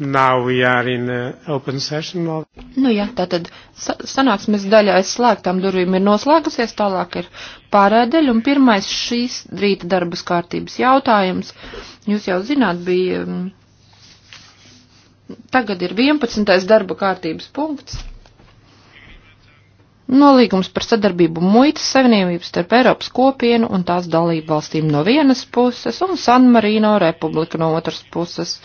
Now we are in uh, open session. Nu jā, tātad sanāksmes daļa aiz slēgtām durvīm ir noslēgusies, tālāk ir pārēdeļa, un pirmais šīs rīta darbas kārtības jautājums, jūs jau zināt, bija, mm, tagad ir 11. darba kārtības punkts. Nolīgums par sadarbību muitas savienības starp Eiropas kopienu un tās dalību valstīm no vienas puses un San Marino republika no otras puses.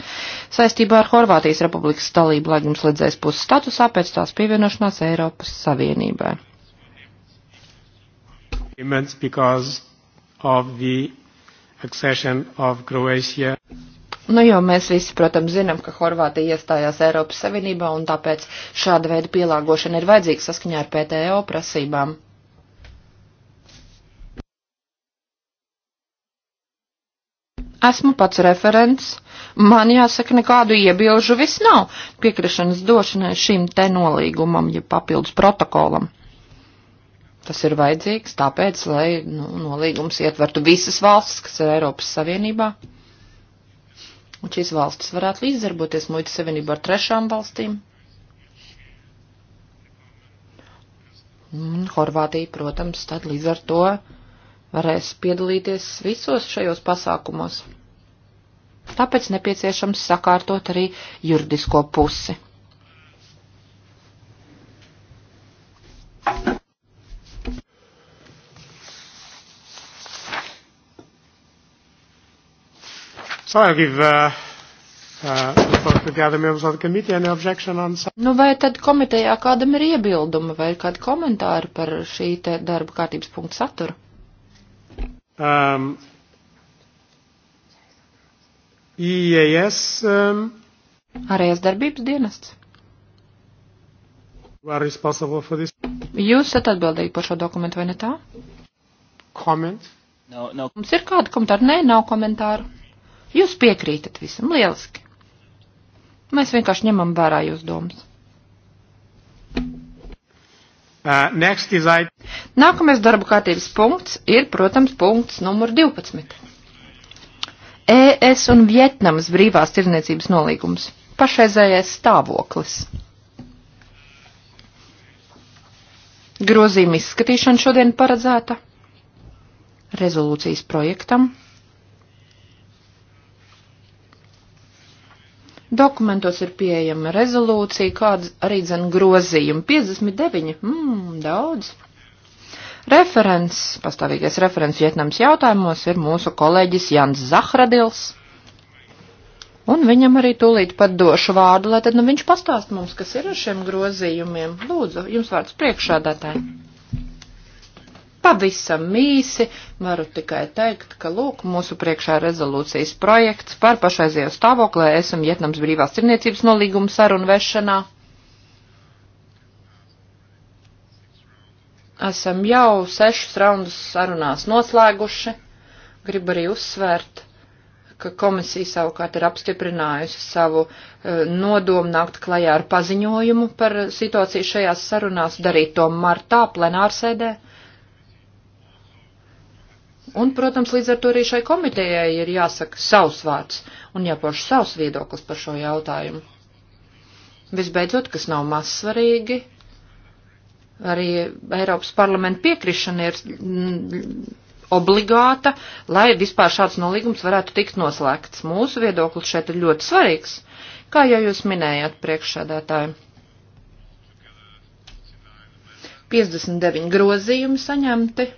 Saistībā ar Horvātijas republikas dalību līgums ledzēs puses statusā pēc tās pievienošanās Eiropas Savienībai. Because of the accession of Croatia Nu, jo mēs visi, protams, zinām, ka Horvātija iestājās Eiropas Savienībā, un tāpēc šāda veida pielāgošana ir vajadzīga saskaņā ar PTO prasībām. Esmu pats referents. Man jāsaka, nekādu iebilžu vis nav piekrišanas došanai šim te nolīgumam, ja papildus protokolam. Tas ir vajadzīgs tāpēc, lai nu, nolīgums ietvertu visas valstis, kas ir Eiropas Savienībā. Un šīs valstis varētu līdzdarboties muitas savienību ar trešām valstīm. Un Horvātija, protams, tad līdz ar to varēs piedalīties visos šajos pasākumos. Tāpēc nepieciešams sakārtot arī juridisko pusi. So I'll give uh, uh Nu, vai tad komitejā kādam ir iebildumi vai ir kādi komentāri par šī te darba kārtības punktu saturu? Um, IAS. E um, Arējas darbības dienests. Jūs esat atbildīgi par šo dokumentu, vai ne tā? Comment? No, no. Mums ir kādi komentāri? Nē, nav komentāru. Jūs piekrītat visam, lieliski. Mēs vienkārši ņemam vērā jūs domas. Uh, I... Nākamais darba kārtības punkts ir, protams, punkts numur 12. ES un Vietnamas brīvās tirdzniecības nolīgums. Pašreizējais stāvoklis. Grozījuma izskatīšana šodien paredzēta rezolūcijas projektam Dokumentos ir pieejama rezolūcija, kāds arī zina grozījumi. 59, mmm, daudz. Referents, pastāvīgais referents Vietnams jautājumos ir mūsu kolēģis Jans Zahradils. Un viņam arī tūlīt pat došu vārdu, lai tad nu viņš pastāst mums, kas ir ar šiem grozījumiem. Lūdzu, jums vārds priekšādātāji pavisam mīsi varu tikai teikt, ka lūk, mūsu priekšā rezolūcijas projekts par pašreizējo stāvoklē esam Vietnams brīvās cirniecības nolīguma sarunu vešanā. Esam jau sešus raundus sarunās noslēguši. Gribu arī uzsvērt, ka komisija savukārt ir apstiprinājusi savu e, nodomu nākt klajā ar paziņojumu par situāciju šajās sarunās, darīt to martā plenārsēdē. Ar Un, protams, līdz ar to arī šai komitejai ir jāsaka savs vārds un jāpoš savs viedoklis par šo jautājumu. Visbeidzot, kas nav maz svarīgi, arī Eiropas parlamenta piekrišana ir mm, obligāta, lai vispār šāds nolīgums varētu tikt noslēgts. Mūsu viedoklis šeit ir ļoti svarīgs, kā jau jūs minējāt priekšsēdētāji. 59 grozījumi saņemti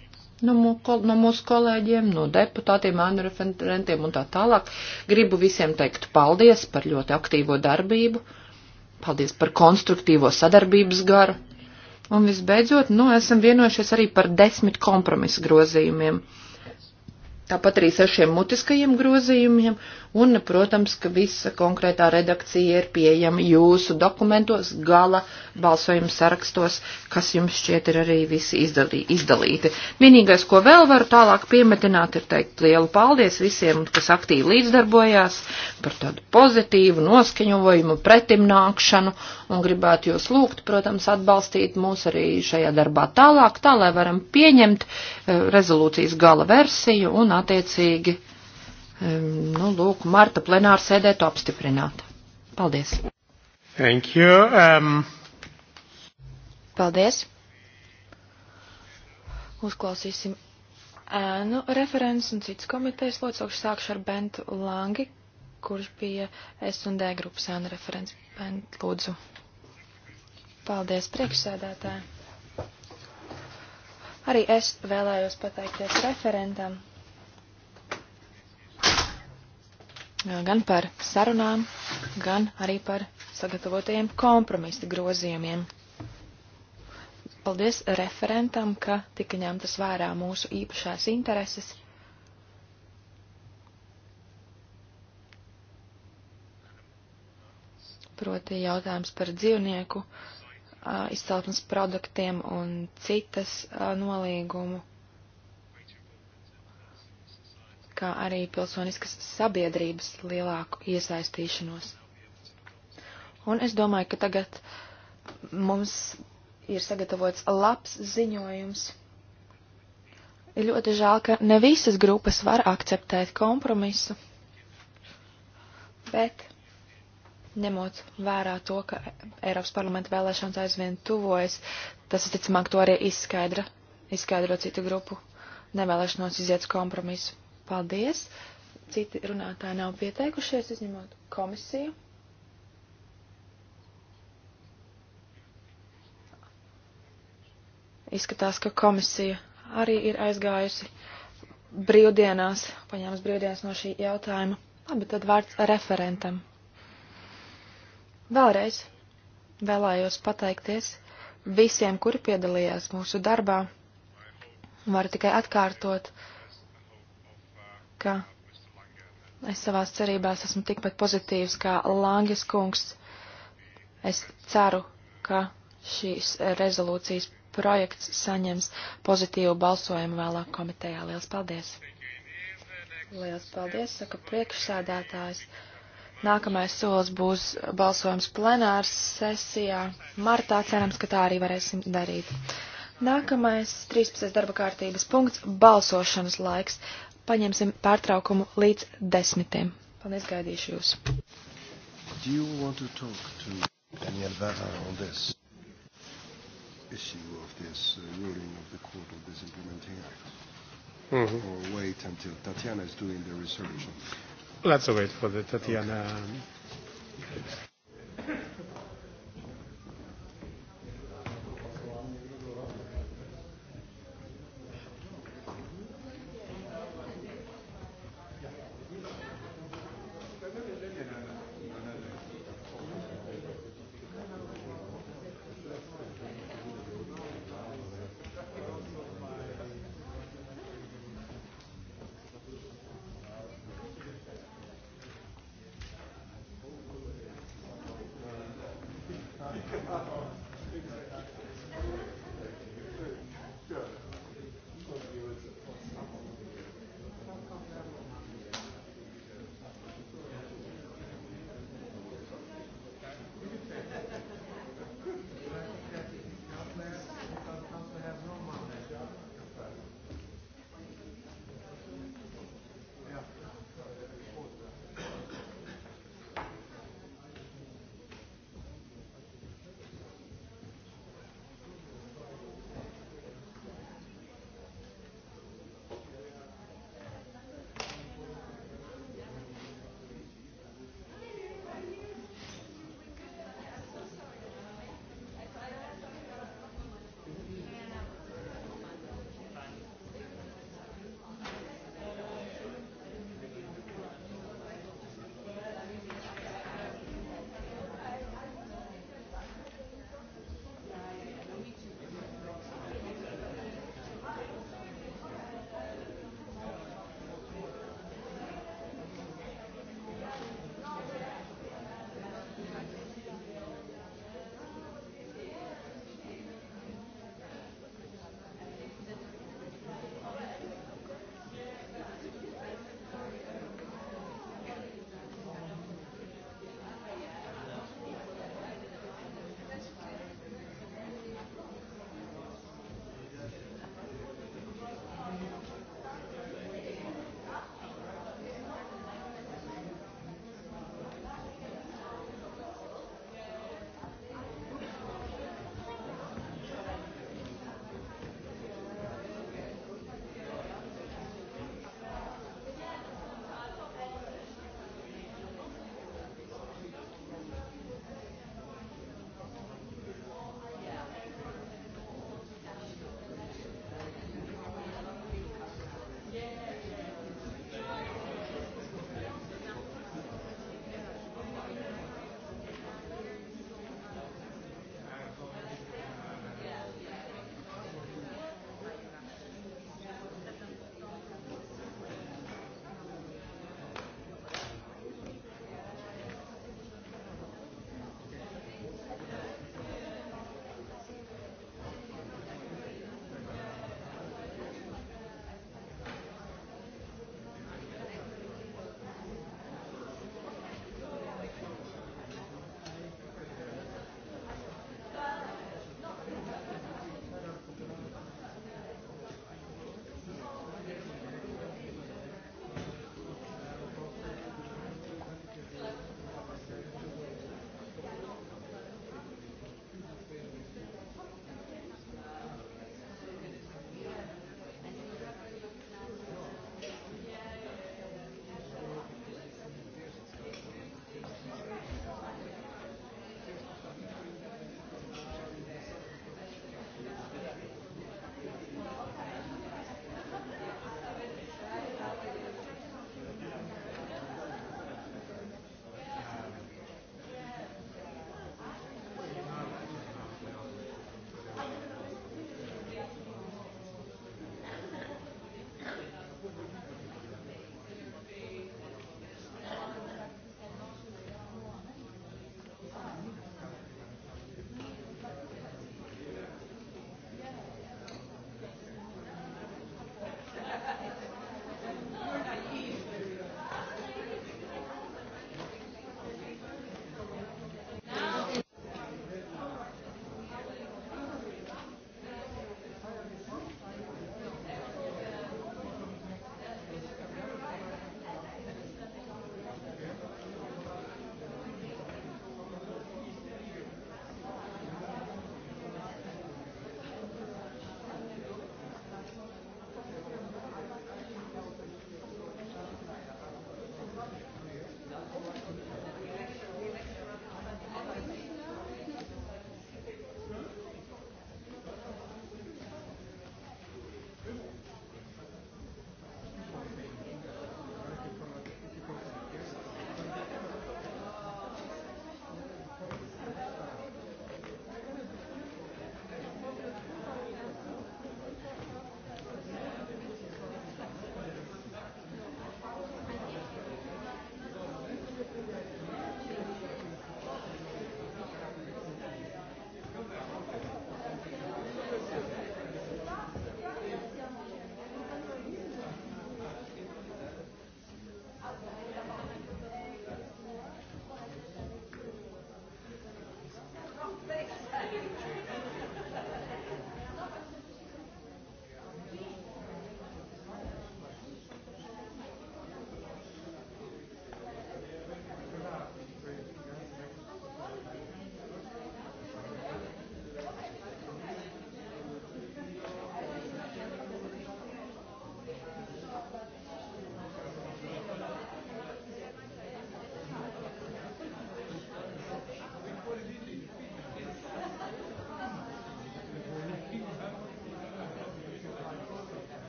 no, nu, no nu, mūsu kolēģiem, no nu, deputātiem, ēnu referentiem un tā tālāk. Gribu visiem teikt paldies par ļoti aktīvo darbību, paldies par konstruktīvo sadarbības garu. Un visbeidzot, nu, esam vienojušies arī par desmit kompromisu grozījumiem. Tāpat arī sešiem mutiskajiem grozījumiem un, protams, ka visa konkrētā redakcija ir pieejama jūsu dokumentos, gala balsojuma sarakstos, kas jums šķiet ir arī visi izdalī, izdalīti. Vienīgais, ko vēl varu tālāk piemetināt, ir teikt lielu paldies visiem, kas aktīvi līdzdarbojās par tādu pozitīvu noskaņojumu, pretimnākšanu un gribētu jūs lūgt, protams, atbalstīt mūs arī šajā darbā tālāk, tā lai varam pieņemt eh, rezolūcijas gala versiju un attiecīgi nu, lūk, marta plenāra sēdē to apstiprināt. Paldies. Thank you. Um... Paldies. Uzklausīsim ēnu referents un citas komitejas locekļus. Sākšu ar Bentu Langi, kurš bija S&D grupas ēnu referents. Bent, lūdzu. Paldies, priekšsēdētāji. Arī es vēlējos pateikties referentam gan par sarunām, gan arī par sagatavotajiem kompromisa grozījumiem. Paldies referentam, ka tika ņemtas vērā mūsu īpašās intereses. Proti jautājums par dzīvnieku izceltnes produktiem un citas nolīgumu kā arī pilsoniskas sabiedrības lielāku iesaistīšanos. Un es domāju, ka tagad mums ir sagatavots labs ziņojums. Ir ļoti žēl, ka ne visas grupas var akceptēt kompromisu, bet ņemot vērā to, ka Eiropas parlamenta vēlēšanas aizvien tuvojas, tas, ticamāk, to arī izskaidra, izskaidro citu grupu nevēlešanos iziet kompromisu. Paldies. Citi runātāji nav pieteikušies, izņemot komisiju. Izskatās, ka komisija arī ir aizgājusi brīvdienās, paņēmis brīvdienas no šī jautājuma. Labi, tad vārds referentam. Vēlreiz vēlējos pateikties visiem, kuri piedalījās mūsu darbā. Varu tikai atkārtot, uh, ka es savās cerībās esmu tikpat pozitīvs kā Langis kungs. Es ceru, ka šīs rezolūcijas projekts saņems pozitīvu balsojumu vēlāk komitejā. Lielas paldies! Lielas paldies, saka priekšsēdētājs. Nākamais solis būs balsojums plenārs sesijā. Martā cerams, ka tā arī varēsim darīt. Nākamais 13. darba kārtības punkts - balsošanas laiks paņemsim pārtraukumu līdz desmitiem. Paldies, gaidīšu jūs. Do you want to talk to Daniel Vara on this issue of this uh, ruling of the court of this implementing act? Mm-hmm. Or wait until Tatiana is doing the research on it? Let's wait for the Tatiana. Okay.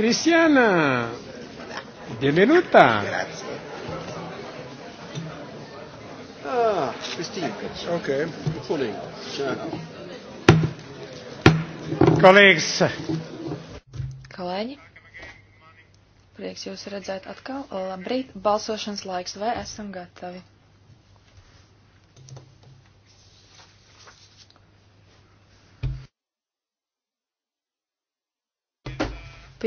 Cristiana, benvenuta. Grazie. Ah, Christine. Okay. Good morning. Ciao. Colleagues. Kolēģi, prieks jūs redzēt atkal. Labrīt, balsošanas laiks, vai esam gatavi?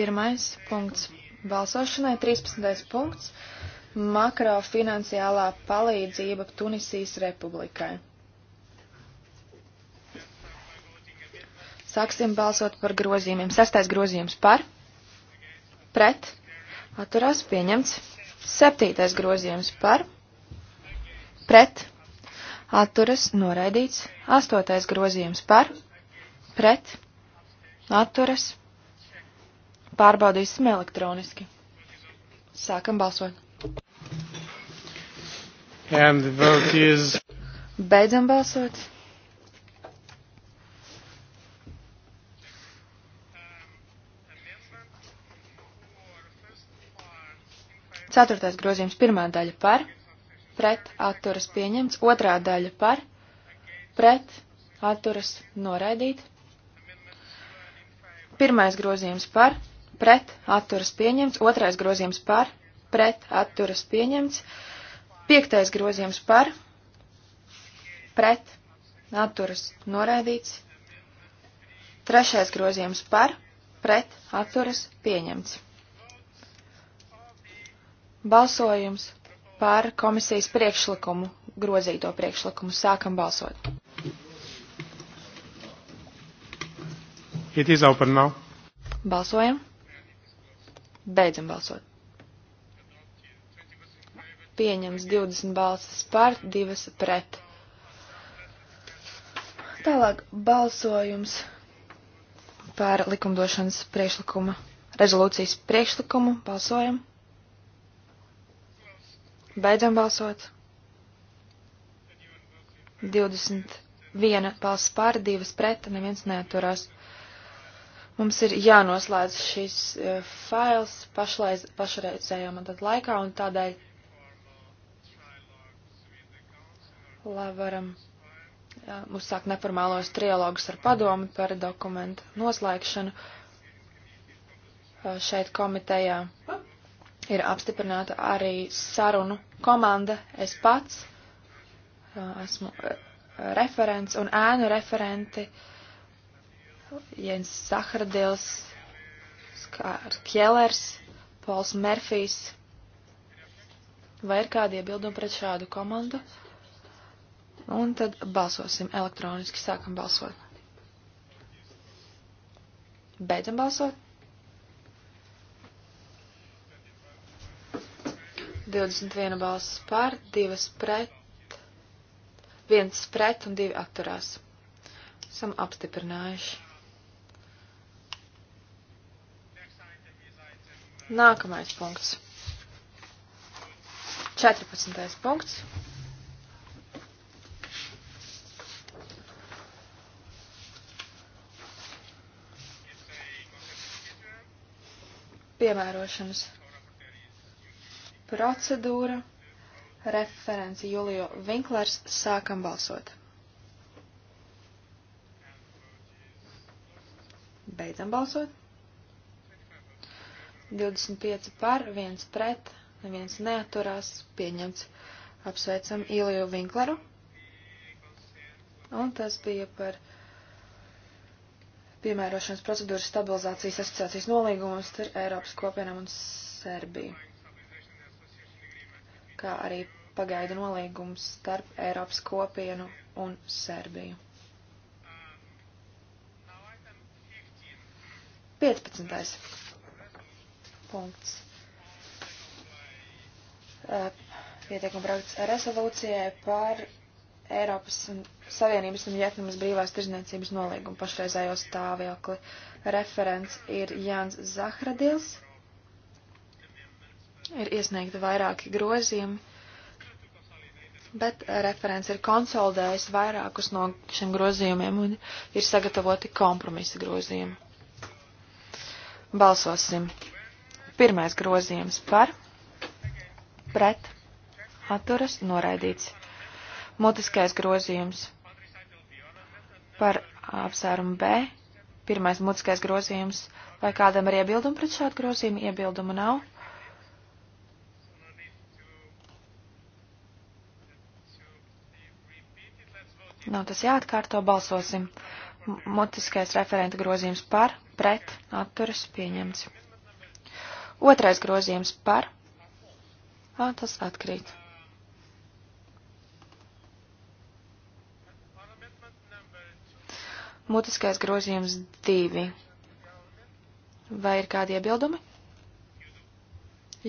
Pirmais punkts balsošanai, 13. punkts - makrofinanciālā palīdzība Tunisijas republikai. Sāksim balsot par grozījumiem. Sestais grozījums par, pret, atturās pieņemts. Septītais grozījums par, pret, atturas noraidīts. Astotais grozījums par, pret, atturas pieņemts Pārbaudīsim elektroniski. Sākam balsot. And the vote is... Beidzam balsot. Ceturtais grozījums pirmā daļa par, pret atturas pieņemts, otrā daļa par, pret atturas noraidīt. Pirmais grozījums par, pret atturas pieņemts, otrais grozījums par, pret atturas pieņemts, piektais grozījums par, pret atturas noraidīts, trešais grozījums par, pret atturas pieņemts. Balsojums par komisijas priekšlikumu, grozīto priekšlikumu. Sākam balsot. It is open now. Balsojam. Beidzam balsot. Pieņems 20 balsas par, 2 pret. Tālāk balsojums par likumdošanas priekšlikuma, rezolūcijas priekšlikumu. Balsojam. Beidzam balsot. 21 balss par, 2 pret, neviens neaturās. Mums ir jānoslēdz šis uh, fails pašlaiz, pašreizējā mandat laikā un tādēļ, lai varam uh, uzsākt neformālos trialogus ar padomu par dokumentu noslēgšanu. Uh, šeit komitejā ir apstiprināta arī sarunu komanda. Es pats e, esmu referents un ēnu referenti. Uh, Jens Sahradils, Skārs Kjellers, Pols Merfijs. Vai ir kādi iebildumi pret šādu komandu? Un tad balsosim elektroniski, sākam balsot. Beidzam balsot. 21 balss par, 2 pret, 1 pret un 2 atturās. Esam apstiprinājuši. Nākamais punkts. 14. punkts. Piemērošanas procedūra. Referenci Julio Vinklers. Sākam balsot. Beidzam balsot. 25 par, 1 pret, neviens neaturās, pieņemts. Apsveicam Iliju Vinkleru. Un tas bija par piemērošanas procedūras stabilizācijas asociācijas nolīgumus ar Eiropas kopienām un Serbiju. Kā arī pagaida nolīgums starp Eiropas kopienu un Serbiju. 15 punkts. Eh, pieteikuma projekts rezolūcijai par Eiropas Savienības un Vietnamas brīvās tirzniecības nolīgumu pašreizējo stāvokli. Referents ir Jānis Zahradils. Ir iesniegti vairāki grozījumi, bet referents ir konsolidējis vairākus no šiem grozījumiem un ir sagatavoti kompromisa grozījumi. Balsosim! Pirmais grozījums par, pret, atturas, noraidīts. Mutiskais grozījums par apsvērumu B. Pirmais mutiskais grozījums. Vai kādam ir iebildumi pret šādu grozījumu? Iebildumu nav. Nav tas jāatkārto, balsosim. Mutiskais referenta grozījums par, pret, atturas, pieņemts. Otrais grozījums par. Ā, tas atkrīt. Mutiskais grozījums divi. Vai ir kādi iebildumi?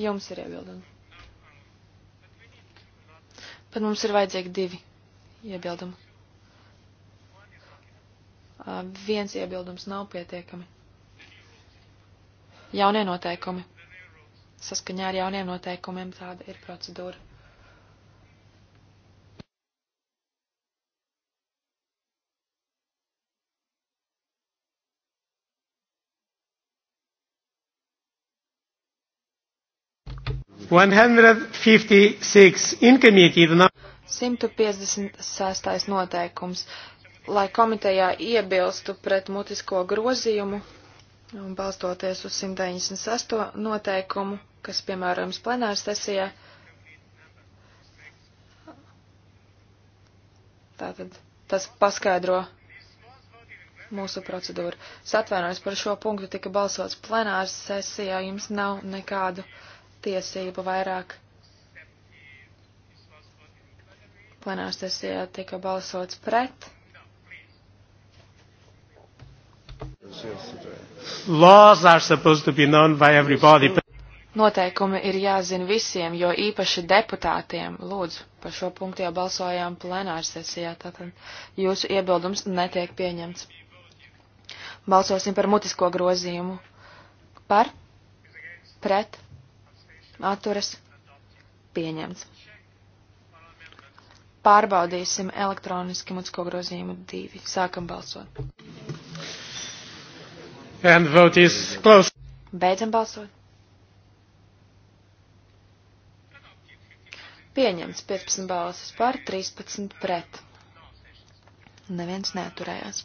Jums ir iebildumi. Bet mums ir vajadzīgi divi iebildumi. Uh, viens iebildums nav pietiekami. Jaunie noteikumi saskaņā ar jauniem noteikumiem tāda ir procedūra. One hundred fifty six in committee. 156. noteikums, lai komitejā iebilstu pret mutisko grozījumu Un balstoties uz 198 noteikumu, kas piemērojams plenāra sesijā, tātad tas paskaidro mūsu procedūru. Es atvainojos par šo punktu, tika balsots plenāra sesijā, jums nav nekādu tiesību vairāk. Plenāra sesijā tika balsots pret. Laws are supposed to be known by everybody. Noteikumi ir jāzina visiem, jo īpaši deputātiem. Lūdzu, par šo punktu jau balsojām plenāra sesijā, tātad jūsu iebildums netiek pieņemts. Balsosim par mutisko grozījumu. Par, pret, atturas, pieņemts. Pārbaudīsim elektroniski mutisko grozījumu divi. Sākam balsot. And vote is closed. Beidzam balsot. Pieņemts 15 balsis par, 13 pret. Neviens neaturējās.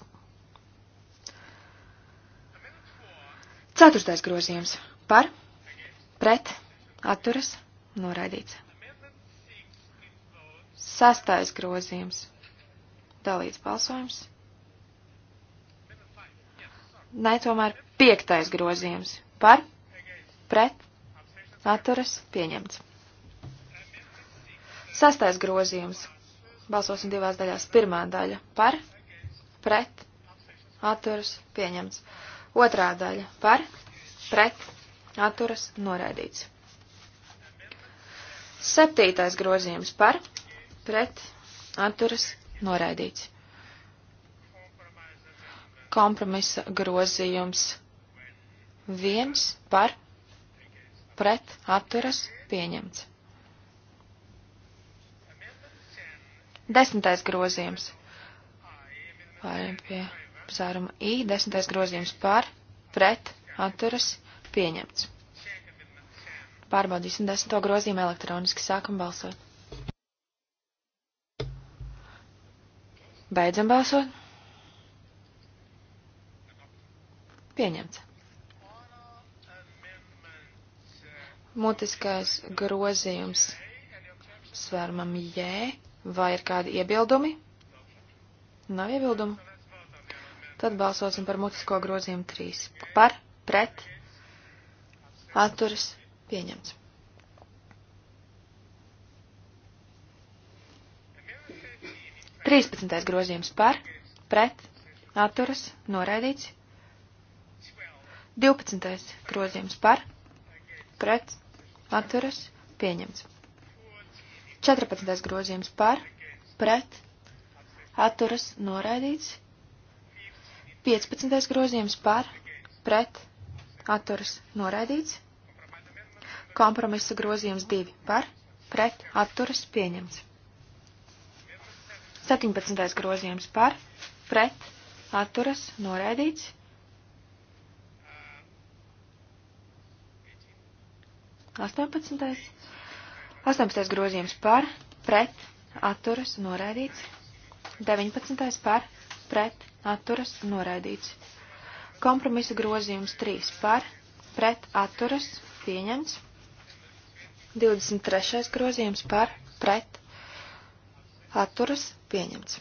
Ceturtais grozījums - par, pret, atturas, noraidīts. Sastais grozījums - dalīts balsojums. Nē, tomēr piektais grozījums. Par, pret, atturas, pieņemts. Sastais grozījums. Balsosim divās daļās. Pirmā daļa - par, pret, atturas, pieņemts. Otrā daļa - par, pret, atturas, noraidīts. Septītais grozījums - par, pret, atturas, noraidīts kompromisa grozījums viens par pret atturas pieņemts. Desmitais grozījums. Pārējiem pie zāruma I. Desmitais grozījums par pret atturas pieņemts. Pārbaudīsim desmito grozījumu elektroniski. Sākam balsot. Beidzam balsot. Pieņemts. Mutiskais grozījums svērmam J. Vai ir kādi iebildumi? Nav iebildumu. Tad balsosim par mutisko grozījumu 3. Par, pret, atturas, pieņemts. Trīspadsmitais grozījums par, pret, atturas, noraidīts. 12. grozījums par, pret, atturas, pieņemts. 14. grozījums par, pret, atturas, noraidīts. 15. grozījums par, pret, atturas, noraidīts. Kompromisa grozījums 2 par, pret, atturas, pieņemts. 17. grozījums par, pret, atturas, noraidīts. 18. 18. grozījums par, pret, atturas, noraidīts. 19. par, pret, atturas, noraidīts. Kompromisa grozījums 3 par, pret, atturas, pieņemts. 23. grozījums par, pret, atturas, pieņemts.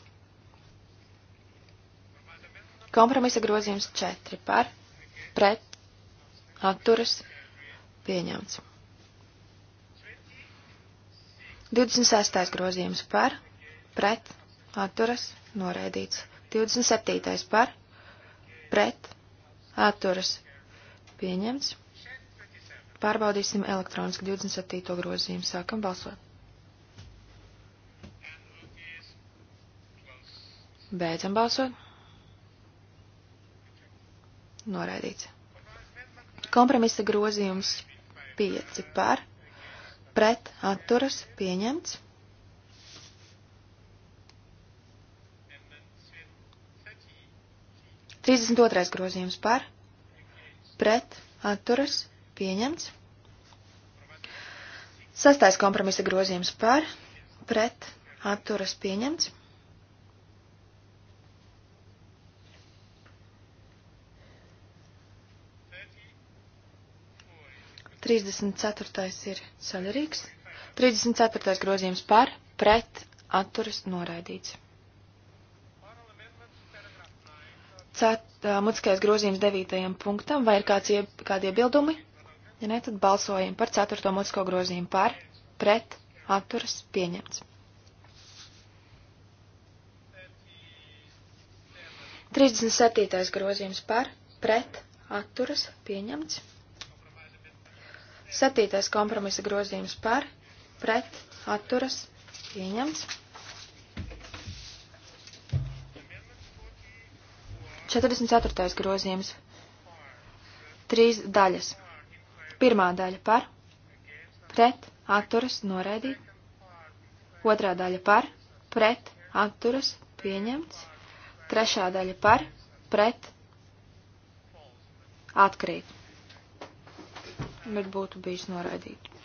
Kompromisa grozījums 4 par, pret, atturas, pieņemts. 26. grozījums par, pret, atturas, noraidīts. 27. par, pret, atturas, pieņemts. Pārbaudīsim elektroniski 27. grozījumu. Sākam balsot. Beidzam balsot. Noraidīts. Kompromisa grozījums 5 par, pret atturas pieņemts. 32. grozījums par, pret, atturas, pieņemts. 6. kompromisa grozījums par, pret, atturas, pieņemts. 34. ir saļarīgs. 34. grozījums par, pret, atturas noraidīts. Cet, uh, mutiskais grozījums 9. punktam, vai ir kāds ie, kādi iebildumi? Ja ne, tad balsojam par 4. mutisko grozījumu par, pret, atturas pieņemts. 37. grozījums par, pret, atturas pieņemts. Satītais kompromisa grozījums par, pret, atturas, pieņemts. 44. grozījums. Trīs daļas. Pirmā daļa par, pret, atturas, noraidīt. Otrā daļa par, pret, atturas, pieņemts. Trešā daļa par, pret, atkrīt bet būtu bijis noraidīts.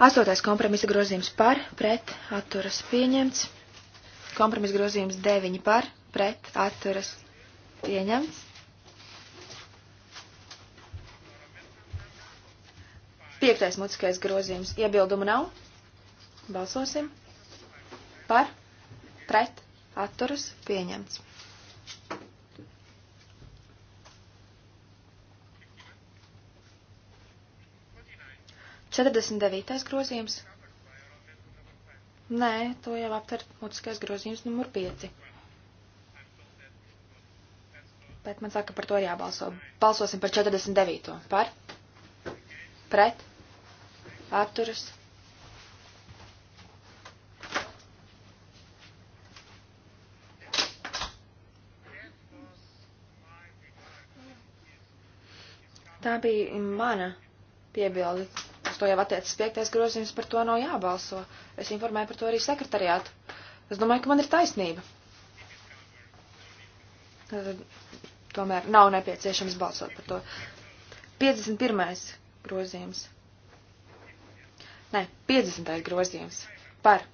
Astotais kompromisa grozījums par, pret, atturas pieņemts. Kompromisa grozījums 9 par, pret, atturas pieņemts. Piektais mutiskais grozījums. Iebildumu nav. Balsosim. Par, pret, atturas pieņemts. 49. grozījums. Nē, to jau aptver mutiskais grozījums numur 5. Bet man saka, par to ir jābalso. Balsosim par 49. Par? Pret? Atturas? Tā bija mana piebilde to jau attiecas piektais grozījums, par to nav jābalso. Es informēju par to arī sekretariātu. Es domāju, ka man ir taisnība. Tad, tomēr nav nepieciešams balsot par to. 51. grozījums. Nē, 50. grozījums. Par.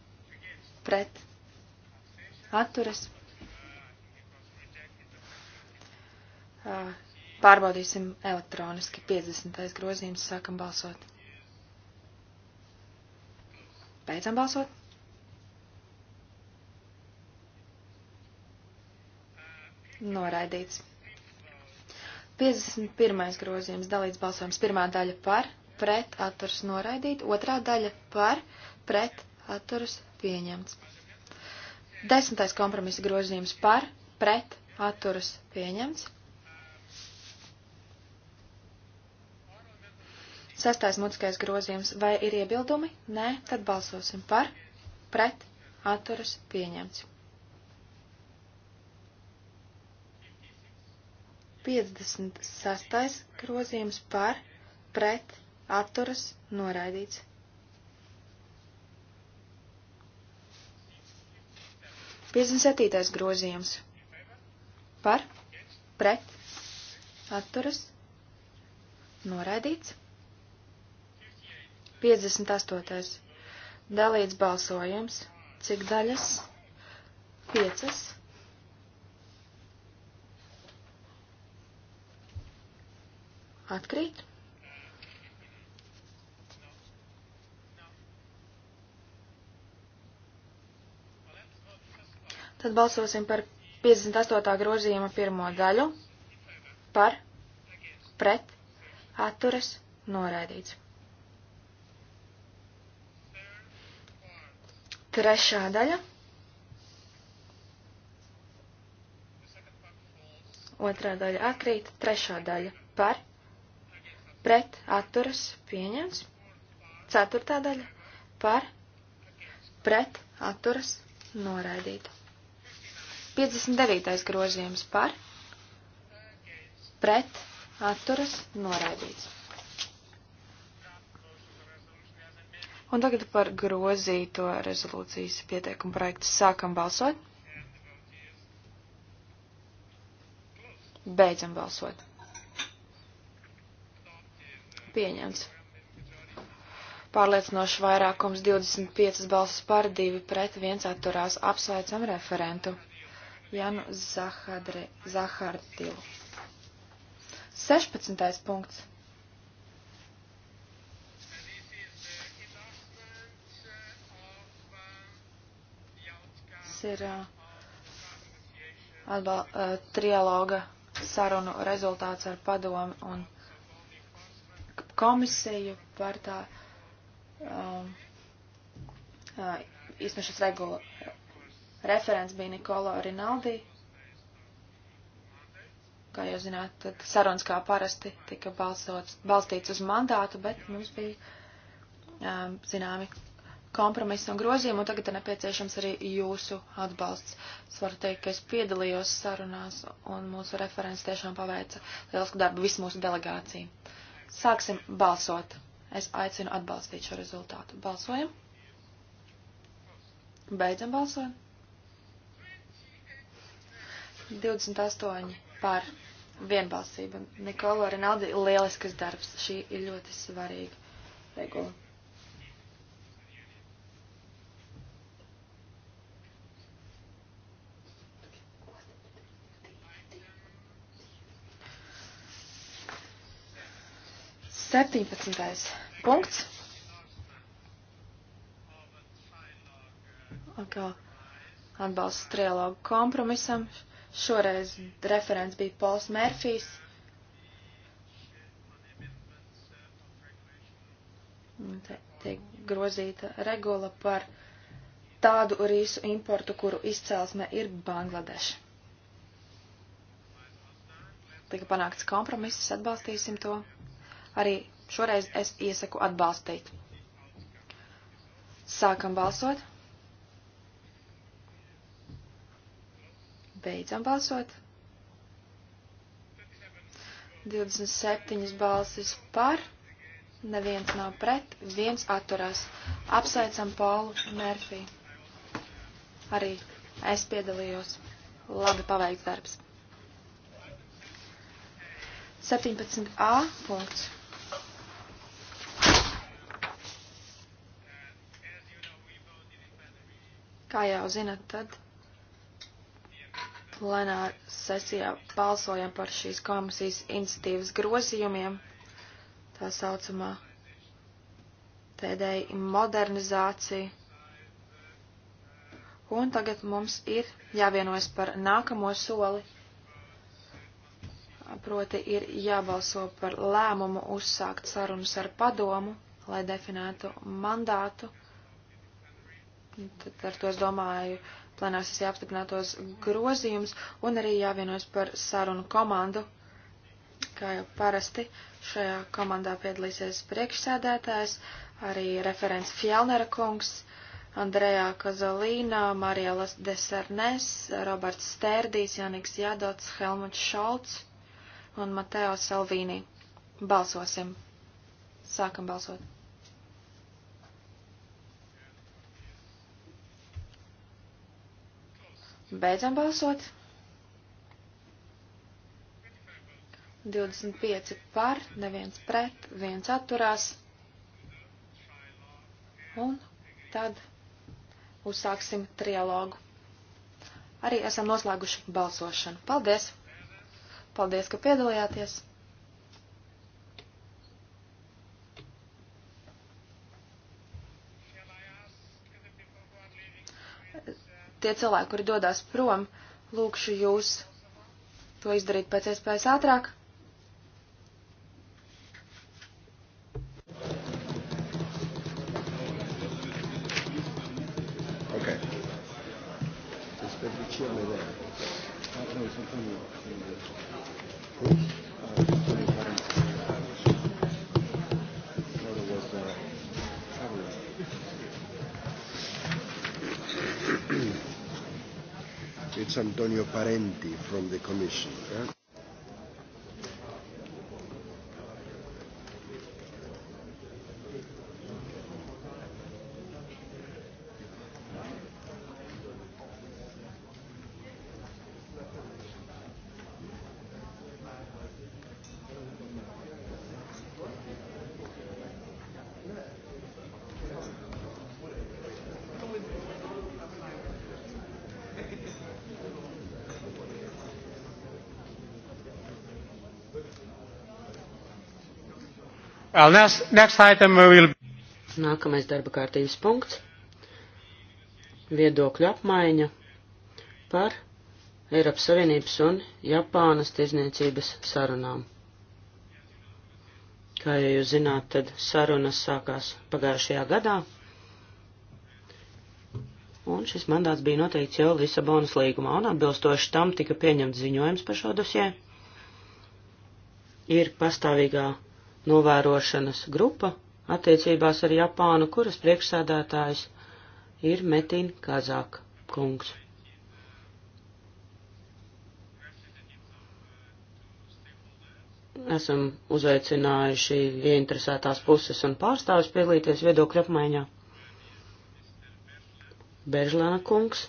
Pret. Atturas. Pārbaudīsim elektroniski 50. grozījums, sākam balsot. Beidzam balsot. Noraidīts. 51. grozījums dalīts balsojums. Pirmā daļa par, pret, atturs noraidīt. Otrā daļa par, pret, atturs pieņemts. Desmitais kompromisa grozījums par, pret, atturs pieņemts. Sastais mutiskais grozījums. Vai ir iebildumi? Nē, tad balsosim par, pret, atturas, pieņemts. 56. grozījums par, pret, atturas, noraidīts. Piecdesmit septītais grozījums par, pret, atturas, noraidīts. 58. Dalīts balsojums. Cik daļas? Piecas. Atkrīt. Tad balsosim par 58. grozījuma pirmo daļu. Par, pret, atturas, noraidīts. Trešā daļa. Otrā daļa atkrīt, trešā daļa par, pret, atturas, pieņems. Ceturtā daļa par, pret, atturas, noraidīta. 59. grozījums par, pret, atturas, noraidīts. Un tagad par grozīto rezolūcijas pieteikumu projektu sākam balsot. Beidzam balsot. Pieņemts. Pārliecinoši vairākums 25 balsas par, 2 pret, 1 atturās. Apsveicam referentu Janu Zahardīlu. 16. punkts. ir atbal, trialoga sarunu rezultāts ar padomu un komisiju par tā um, izmešas regula. Referents bija Nikolo Rinaldi. Kā jūs zināt, tad sarunas kā parasti tika balsots, balstīts uz mandātu, bet mums bija um, zināmi kompromisu un grozījumu, un tagad ir nepieciešams arī jūsu atbalsts. Es varu teikt, ka es piedalījos sarunās, un mūsu referents tiešām paveica lielisku darbu visu mūsu delegāciju. Sāksim balsot. Es aicinu atbalstīt šo rezultātu. Balsojam. Beidzam balsot. 28 par vienbalsību. Nikola Rinaldi, lielisks darbs. Šī ir ļoti svarīga regula. 17. punkts. Atkal atbalsts trialogu kompromisam. Šoreiz referents bija Pols Mērfijs. Tiek grozīta regula par tādu rīsu importu, kuru izcelsme ir Bangladeša. Tika panākts kompromiss, atbalstīsim to arī šoreiz es iesaku atbalstīt. Sākam balsot. Beidzam balsot. 27 balsis par, neviens nav pret, viens atturās. Apsveicam Polu Mērfī. Arī es piedalījos. Labi paveikts darbs. 17a punkts. Kā jau zinat, tad plenāra sesijā balsojam par šīs komisijas iniciatīvas grozījumiem, tā saucamā tēdēji modernizācija. Un tagad mums ir jāvienojas par nākamo soli, proti ir jābalso par lēmumu uzsākt sarunas ar padomu, lai definētu mandātu Tad ar to es domāju plenāsis jāapstiprinātos grozījums un arī jāvienojas par sarunu komandu. Kā jau parasti šajā komandā piedalīsies priekšsēdētājs, arī referents Fjellnera kungs, Andrejā Kazalīna, Marielas Desarnes, Roberts Stērdīs, Janiks Jadots, Helmuts Šolts un Mateo Salvīni. Balsosim. Sākam balsot. Beidzam balsot. 25 par, neviens pret, viens atturās. Un tad uzsāksim trialogu. Arī esam noslēguši balsošanu. Paldies! Paldies, ka piedalījāties! tie cilvēki, kuri dodas prom, lūkšu jūs to izdarīt pēc iespējas ātrāk. Antonio Parenti from the Commission. Eh? Well, next, next item will... Nākamais darba kārtības punkts - viedokļu apmaiņa par Eiropas Savienības un Japānas tirzniecības sarunām. Kā jau jūs zināt, tad sarunas sākās pagājušajā gadā, un šis mandāts bija noteikts jau Lisabonas līgumā, un atbilstoši tam tika pieņemts ziņojums par šo dosie. Ir pastāvīgā novērošanas grupa attiecībās ar Japānu, kuras priekšsādātājs ir Metin Kazāk kungs. Esam uzaicinājuši ieinteresētās puses un pārstāvis piedalīties viedokļu apmaiņā. Beržlēna kungs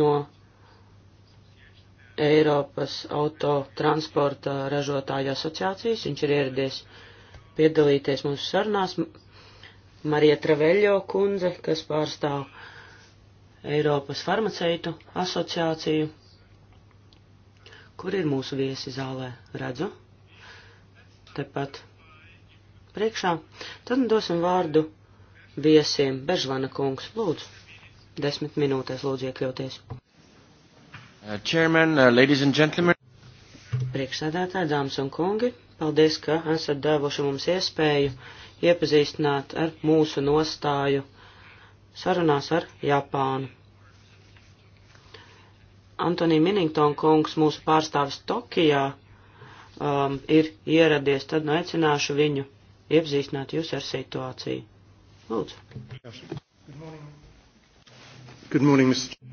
no Eiropas autotransporta ražotāju asociācijas. Viņš ir ieradies piedalīties mūsu sarunās. Marija Traveļo kundze, kas pārstāv Eiropas farmaceitu asociāciju. Kur ir mūsu viesi zālē? Redzu. Tepat priekšā. Tad dosim vārdu viesiem. Bežvana kungs, lūdzu. Desmit minūtēs lūdzu iekļauties. Uh, Chairman, uh, ladies and gentlemen. Priekšsēdētāji, dāmas un kungi, paldies, ka esat devuši mums iespēju iepazīstināt ar mūsu nostāju sarunās ar Japānu. Antonija Miningtona kungs, mūsu pārstāvis Tokijā, um, ir ieradies, tad nu aicināšu viņu iepazīstināt jūs ar situāciju. Lūdzu. Good morning. Good morning, Mr.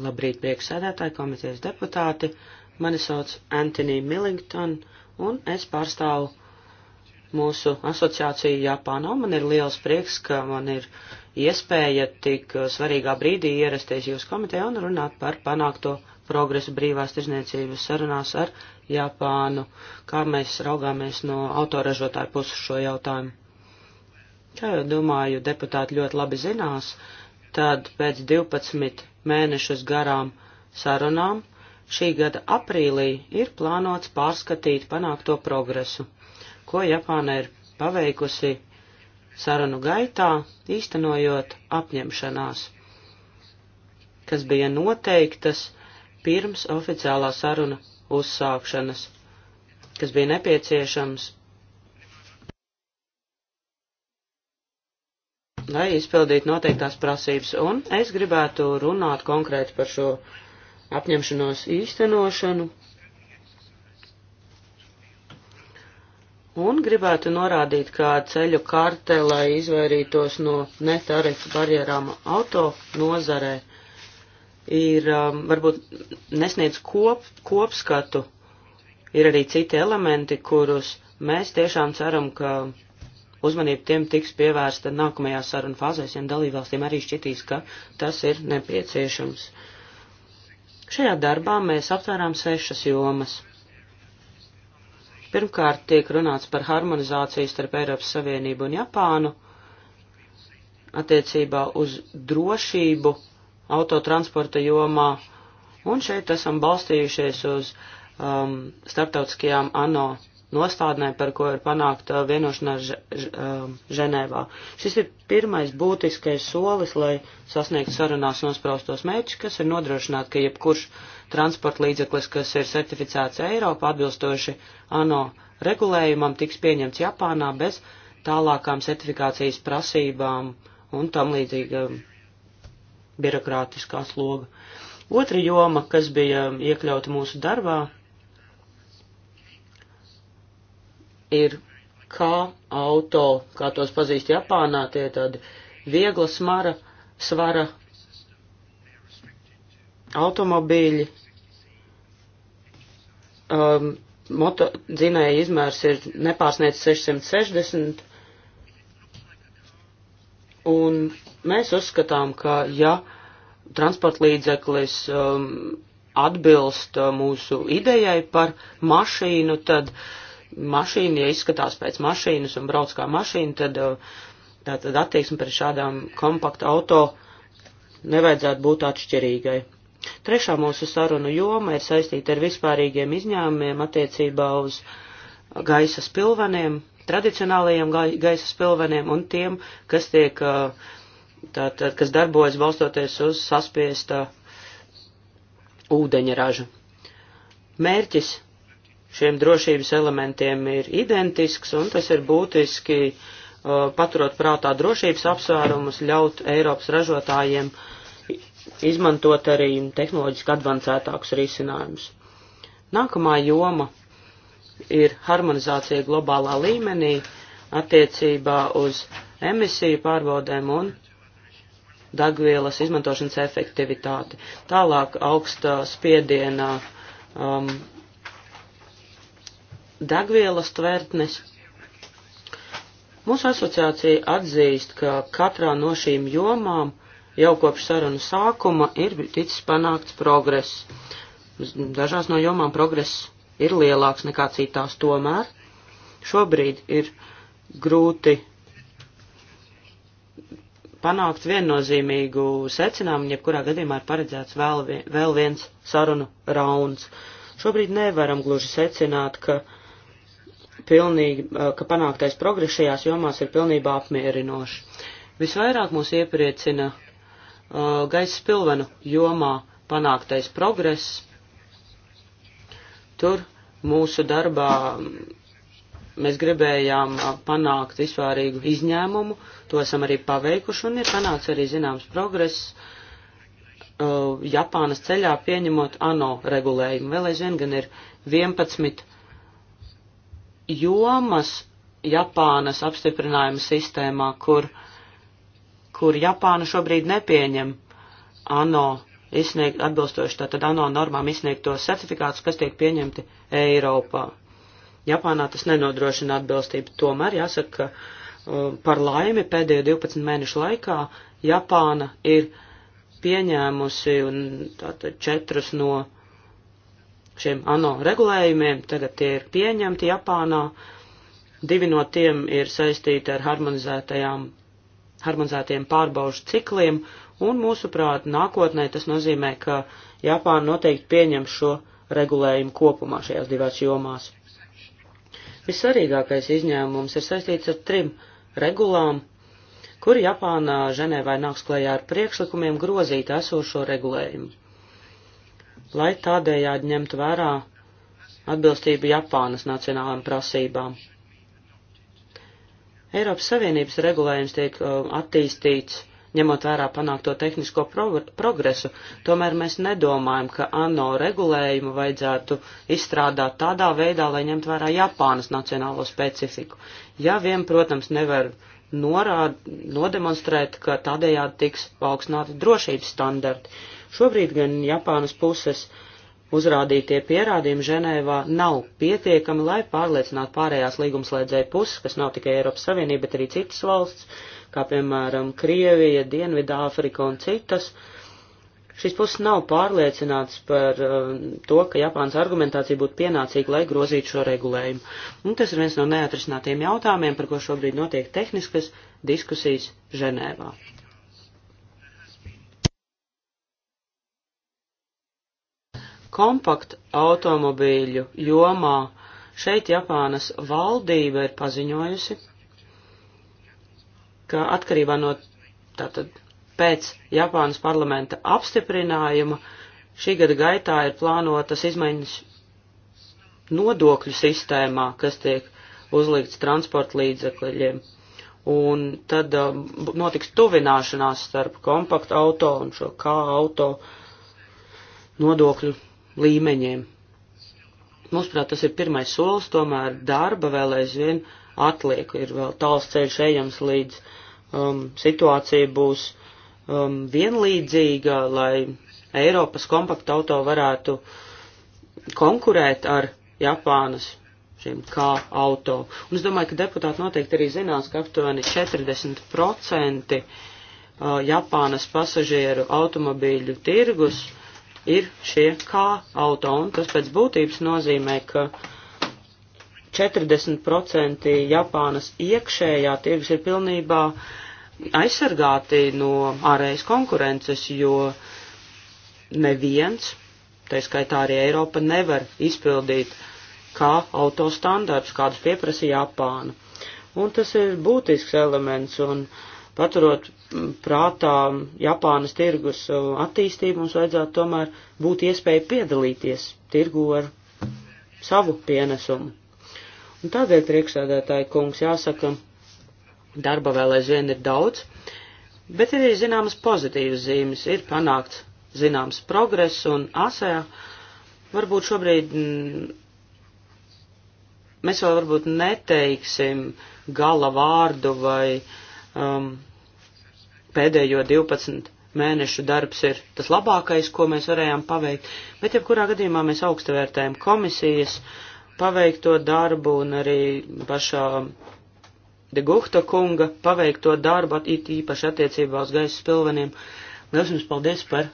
Labrīt, priekšsēdētāji, komitejas deputāti. Mani sauc Anthony Millington, un es pārstāvu mūsu asociāciju Japānā. Man ir liels prieks, ka man ir iespēja tik svarīgā brīdī ierasties jūsu komitejā un runāt par panākto progresu brīvās tirzniecības sarunās ar Japānu, kā mēs raugāmies no autoražotāju puses šo jautājumu. Kā jau domāju, deputāti ļoti labi zinās, tad pēc 12 mēnešus garām sarunām, šī gada aprīlī ir plānots pārskatīt panākto progresu, ko Japāna ir paveikusi sarunu gaitā, īstenojot apņemšanās, kas bija noteiktas pirms oficiālā saruna uzsākšanas, kas bija nepieciešams lai izpildītu noteiktās prasības. Un es gribētu runāt konkrēti par šo apņemšanos īstenošanu. Un gribētu norādīt, kā ceļu karte, lai izvairītos no netarifu barjerām auto nozarē, ir um, varbūt nesniedz kop, kopskatu. Ir arī citi elementi, kurus mēs tiešām ceram, ka uzmanība tiem tiks pievērsta nākamajā sarunu fāzēs, ja dalībvalstīm arī šķitīs, ka tas ir nepieciešams. Šajā darbā mēs aptvērām sešas jomas. Pirmkārt, tiek runāts par harmonizāciju starp Eiropas Savienību un Japānu attiecībā uz drošību autotransporta jomā, un šeit esam balstījušies uz um, starptautiskajām ANO nostādnē, par ko ir panākta vienošanās um, Ženēvā. Šis ir pirmais būtiskais solis, lai sasniegtu sarunās nospraustos mērķus, kas ir nodrošināt, ka jebkurš transporta līdzeklis, kas ir certificēts Eiropā atbilstoši ANO regulējumam, tiks pieņemts Japānā bez tālākām certifikācijas prasībām un tam līdzīga birokrātiskā sloga. Otra joma, kas bija iekļauta mūsu darbā, ir kā auto, kā tos pazīst Japānā, tie tādi viegla smara, svara automobīļi. Um, moto dzinēja izmērs ir nepārsniec 660, un mēs uzskatām, ka ja transportlīdzeklis um, atbilst uh, mūsu idejai par mašīnu, tad uh, mašīna, ja izskatās pēc mašīnas un brauc kā mašīna, tad uh, tātad attieksme pret šādām kompaktu auto nevajadzētu būt atšķirīgai. Trešā mūsu sarunu joma ir saistīta ar vispārīgiem izņēmumiem attiecībā uz gaisa spilveniem, tradicionālajiem gaisa spilveniem un tiem, kas tiek, uh, tātad, kas darbojas balstoties uz saspiesta ūdeņa raža. Mērķis šiem drošības elementiem ir identisks, un tas ir būtiski uh, paturot prātā drošības apsvērumus, ļaut Eiropas ražotājiem izmantot arī tehnoloģiski advancētākus risinājumus. Nākamā joma ir harmonizācija globālā līmenī attiecībā uz emisiju pārbaudēm un dagvielas izmantošanas efektivitāti. Tālāk augsta spiediena um, degvielas tvertnes. Mūsu asociācija atzīst, ka katrā no šīm jomām jau kopš sarunu sākuma ir ticis panākts progress. Dažās no jomām progress ir lielāks nekā citās, tomēr šobrīd ir grūti panākt viennozīmīgu secinājumu, jebkurā gadījumā ir paredzēts vēl, vien, vēl viens sarunu rauns. Šobrīd nevaram gluži secināt, ka pilnīgi, eh, ka panāktais progress šajās jomās ir pilnībā apmierinošs. Visvairāk mūs iepriecina uh, gaisa pilvenu jomā panāktais progress. Tur mūsu darbā mm, mēs gribējām eh, panākt vispārīgu izņēmumu, to esam arī paveikuši un ir panāks arī zināms progress uh, Japānas ceļā pieņemot ANO regulējumu. Vēl aizvien gan ir 11 jomas Japānas apstiprinājuma sistēmā, kur, kur Japāna šobrīd nepieņem ANO izsniegt, atbilstoši tātad ANO normām izsniegtos certifikātus, kas tiek pieņemti Eiropā. Japānā tas nenodrošina atbilstību. Tomēr jāsaka, ka uh, par laimi pēdējo 12 mēnešu laikā Japāna ir pieņēmusi un tātad četrus no šiem ANO regulējumiem, tagad tie ir pieņemti Japānā. Divi no tiem ir saistīti ar harmonizētiem pārbaužu cikliem, un mūsuprāt, nākotnē tas nozīmē, ka Japāna noteikti pieņem šo regulējumu kopumā šajās divās jomās. Vissvarīgākais izņēmums ir saistīts ar trim regulām, kur Japānā Ženēvai nāks klajā ar priekšlikumiem grozīt esošo regulējumu lai tādējādi ņemtu vērā atbilstību Japānas nacionālām prasībām. Eiropas Savienības regulējums tiek uh, attīstīts, ņemot vērā panākto tehnisko progr progresu, tomēr mēs nedomājam, ka ANO regulējumu vajadzētu izstrādāt tādā veidā, lai ņemtu vērā Japānas nacionālo specifiku. Ja vien, protams, nevar norād, nodemonstrēt, ka tādējādi tiks paaugstināti drošības standarti. Uh, Šobrīd gan Japānas puses uzrādītie pierādījumi Ženēvā nav pietiekami, lai pārliecinātu pārējās līgumslēdzēju puses, kas nav tikai Eiropas Savienība, bet arī citas valsts, kā piemēram Krievija, Dienvidāfrika un citas. Šīs puses nav pārliecināts par uh, to, ka Japānas argumentācija būtu pienācīga, lai grozītu šo regulējumu. Un tas ir viens no neatrisinātiem jautājumiem, par ko šobrīd notiek tehniskas diskusijas Ženēvā. kompaktu automobīļu jomā šeit Japānas valdība ir paziņojusi, ka atkarībā no tātad pēc Japānas parlamenta apstiprinājuma šī gada gaitā ir plānotas izmaiņas nodokļu sistēmā, kas tiek uzlikts transporta līdzekļiem. Un tad um, notiks tuvināšanās starp kompaktu auto un šo kā auto nodokļu līmeņiem. Mūsuprāt, tas ir pirmais solis, tomēr darba vēl aizvien atliek, ir vēl tāls ceļš ejams līdz um, situācija būs um, vienlīdzīga, lai Eiropas kompakta auto varētu konkurēt ar Japānas šiem kā auto. Un es domāju, ka deputāti noteikti arī zinās, ka aptuveni 40% uh, Japānas pasažieru automobīļu tirgus. Mm ir šie kā auto, un tas pēc būtības nozīmē, ka 40% Japānas iekšējā tirgus ir pilnībā aizsargāti no ārējas konkurences, jo neviens, tā skaitā arī Eiropa, nevar izpildīt kā auto standarts, kādus pieprasa Japāna. Un tas ir būtisks elements, un uh, paturot mm, prātā Japānas tirgus uh, attīstību, mums vajadzētu tomēr būt iespēja piedalīties tirgu ar savu pienesumu. Un tādēļ, priekšsēdētāji kungs, jāsaka, darba vēl aizvien ir daudz, bet ir arī zināmas pozitīvas zīmes, ir panākts zināms progress un asē varbūt šobrīd mm, mēs vēl varbūt neteiksim gala vārdu vai uh, um, pēdējo 12 mēnešu darbs ir tas labākais, ko mēs varējām paveikt, bet jebkurā gadījumā mēs augstu vērtējam komisijas paveikto darbu un arī pašā De Guhta kunga paveikto darbu, it īpaši attiecībā uz gaisa spilveniem. Liels jums paldies par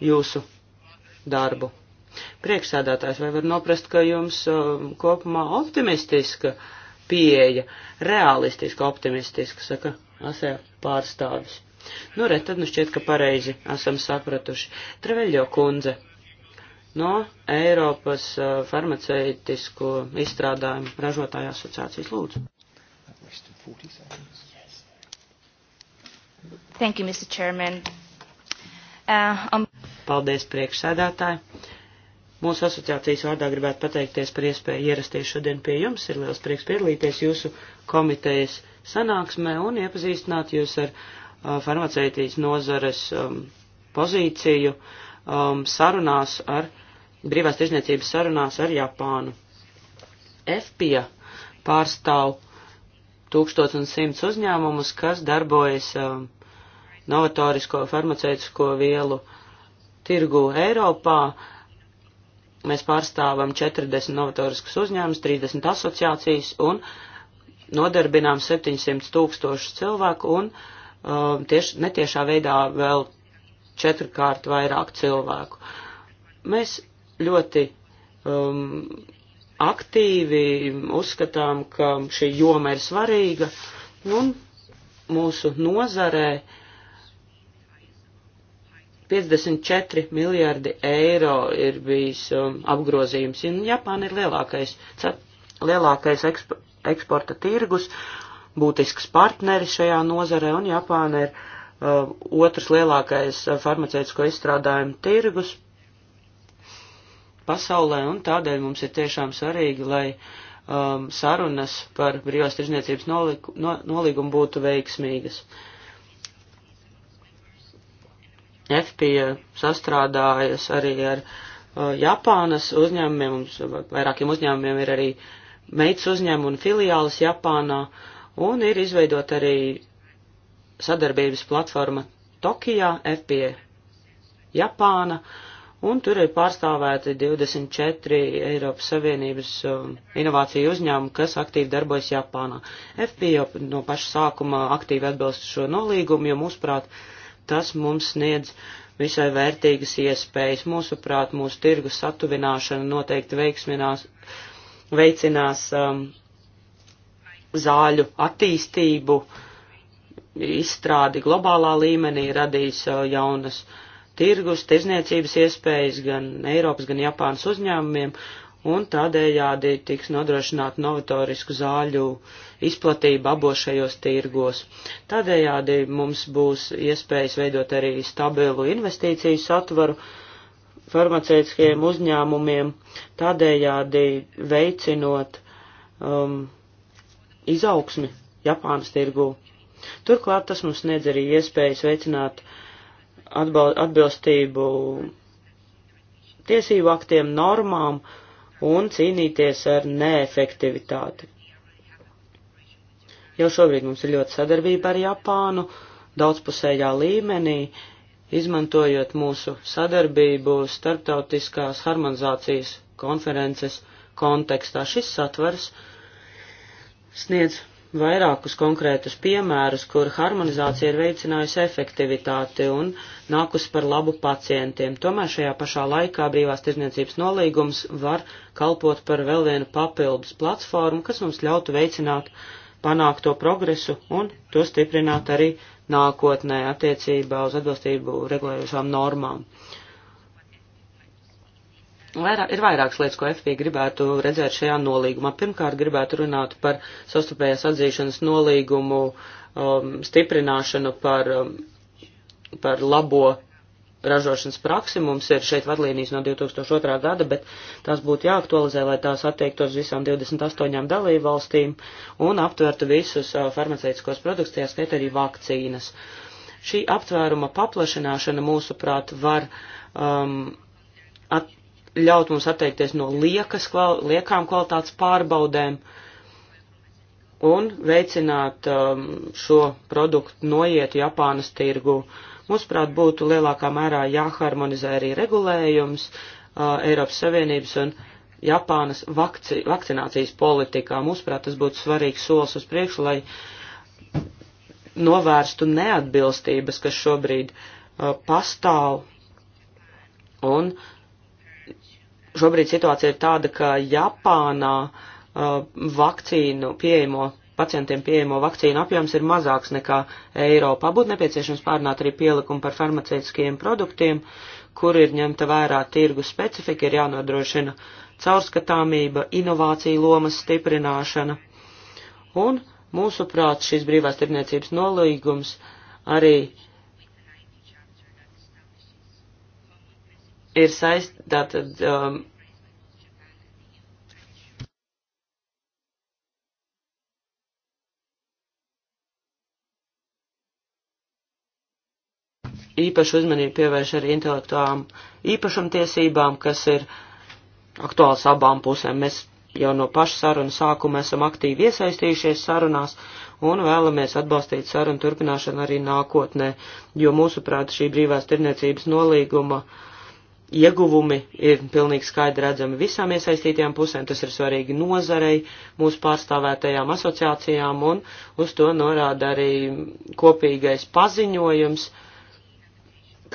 jūsu darbu. Priekšsēdētājs vai var noprast, ka jums um, kopumā optimistiska uh, pieeja, realistiska, optimistiska, saka ASEA pārstāvis. Nu, re, tad nu šķiet, ka pareizi esam sapratuši. Treveļo kundze no Eiropas farmaceitisko izstrādājumu ražotāju asociācijas lūdzu. Thank you, Mr. Chairman. Uh, um... Paldies, priekšsēdētāji. Mūsu asociācijas vārdā gribētu pateikties par iespēju ierasties šodien pie jums. Ir liels prieks piedalīties jūsu komitejas sanāksmē un iepazīstināt jūs ar uh, farmaceitijas nozares um, pozīciju um, sarunās ar, brīvās tirzniecības sarunās ar Japānu. FPA pārstāv 1100 uzņēmumus, kas darbojas um, novatorisko farmaceitisko vielu tirgu Eiropā Mēs pārstāvam 40 novatoriskas uzņēmumus, 30 asociācijas un nodarbinām 700 tūkstošu cilvēku un um, tieši, netiešā veidā vēl četrkārt vairāk cilvēku. Mēs ļoti um, aktīvi uzskatām, ka šī joma ir svarīga un mūsu nozarē uh, 54 miljardi eiro ir bijis um, apgrozījums, un Japāna ir lielākais, lielākais ekspo, eksporta tirgus, būtisks partneris šajā nozarē, un Japāna ir uh, otrs lielākais uh, farmaceitisko izstrādājumu tirgus pasaulē, un tādēļ mums ir tiešām svarīgi, lai um, sarunas par brīvās tirzniecības noliku, no, nolīgumu būtu veiksmīgas. Uh, FPA e sastrādājas arī ar uh, Japānas uzņēmumiem, mums vairākiem uzņēmumiem ir arī meitas uzņēmumi un filiālis Japānā, un ir izveidot arī sadarbības platforma Tokijā, FPA e Japāna, un tur ir pārstāvēti 24 Eiropas Savienības um, inovāciju uzņēmumi, kas aktīvi darbojas Japānā. FPA e no paša sākuma aktīvi atbilst šo nolīgumu, jo mūsuprāt, prāt, tas mums sniedz visai vērtīgas iespējas. Mūsuprāt, mūsu tirgus satuvināšana noteikti veiksminās, veicinās um, zāļu attīstību, izstrādi globālā līmenī, radīs uh, jaunas tirgus, tirzniecības iespējas gan Eiropas, gan Japānas uzņēmumiem. Uh, un tādējādi tiks nodrošināta novatorisku zāļu izplatība abos šajos tirgos. Tādējādi mums būs iespējas veidot arī stabilu investīciju satvaru farmaceitiskajiem uzņēmumiem, tādējādi veicinot um, izaugsmi Japānas tirgū. Turklāt tas mums sniedz arī iespējas veicināt atbalst, atbilstību tiesību aktiem, normām un cīnīties ar neefektivitāti. Jau šobrīd mums ir ļoti sadarbība ar Japānu, daudzpusējā līmenī, izmantojot mūsu sadarbību starptautiskās harmonizācijas konferences kontekstā. Šis satvers sniedz vairākus konkrētus piemērus, kur harmonizācija ir veicinājusi efektivitāti un nākus par labu pacientiem. Tomēr šajā pašā laikā brīvās tirdzniecības nolīgums var kalpot par vēl vienu papildus platformu, kas mums ļautu veicināt panākto progresu un to stiprināt arī nākotnē attiecībā uz atbilstību regulējušām normām. Uh, Vairāk, ir vairākas lietas, ko FP gribētu redzēt šajā nolīgumā. Pirmkārt, gribētu runāt par sastupējās atzīšanas nolīgumu um, stiprināšanu par, um, par labo ražošanas praksi. Mums ir šeit vadlīnijas no 2002. gada, bet tās būtu jāaktualizē, lai tās attiektos visām 28 dalību valstīm un aptvertu visus uh, farmaceitiskos produktus, tajā skait arī vakcīnas. Šī aptvēruma paplašināšana, mūsuprāt, var um, at, ļaut mums atteikties no liekas, kval, liekām kvalitātes pārbaudēm un veicināt um, šo produktu noietu Japānas tirgu. Mūsuprāt, būtu lielākā mērā jāharmonizē arī regulējums uh, Eiropas Savienības un Japānas vakci, vakcinācijas politikā. Mūsuprāt, tas būtu svarīgs solis uz priekšu, lai novērstu neatbilstības, kas šobrīd uh, pastāv un uh, šobrīd situācija ir tāda, ka Japānā uh, vakcīnu pieejamo pacientiem pieejamo vakcīnu apjoms ir mazāks nekā Eiropā. Būtu nepieciešams pārnāt arī pielikumu par farmaceitiskajiem produktiem, kur ir ņemta vērā tirgus specifika, ir jānodrošina caurskatāmība, inovācija lomas stiprināšana. Un, mūsuprāt, šis brīvās tirniecības nolīgums arī uh, ir saistīta, um, īpašu uzmanību pievērš arī intelektuālām īpašumtiesībām, kas ir aktuāls abām pusēm. Mēs jau no paša sarunu sākuma esam aktīvi iesaistījušies sarunās un vēlamies atbalstīt sarunu turpināšanu arī nākotnē, jo mūsuprāt šī brīvās tirniecības nolīguma uh, Ieguvumi ir pilnīgi skaidri redzami visām iesaistītajām pusēm, tas ir svarīgi nozarei, mūsu pārstāvētajām asociācijām, un uz to norāda arī kopīgais paziņojums,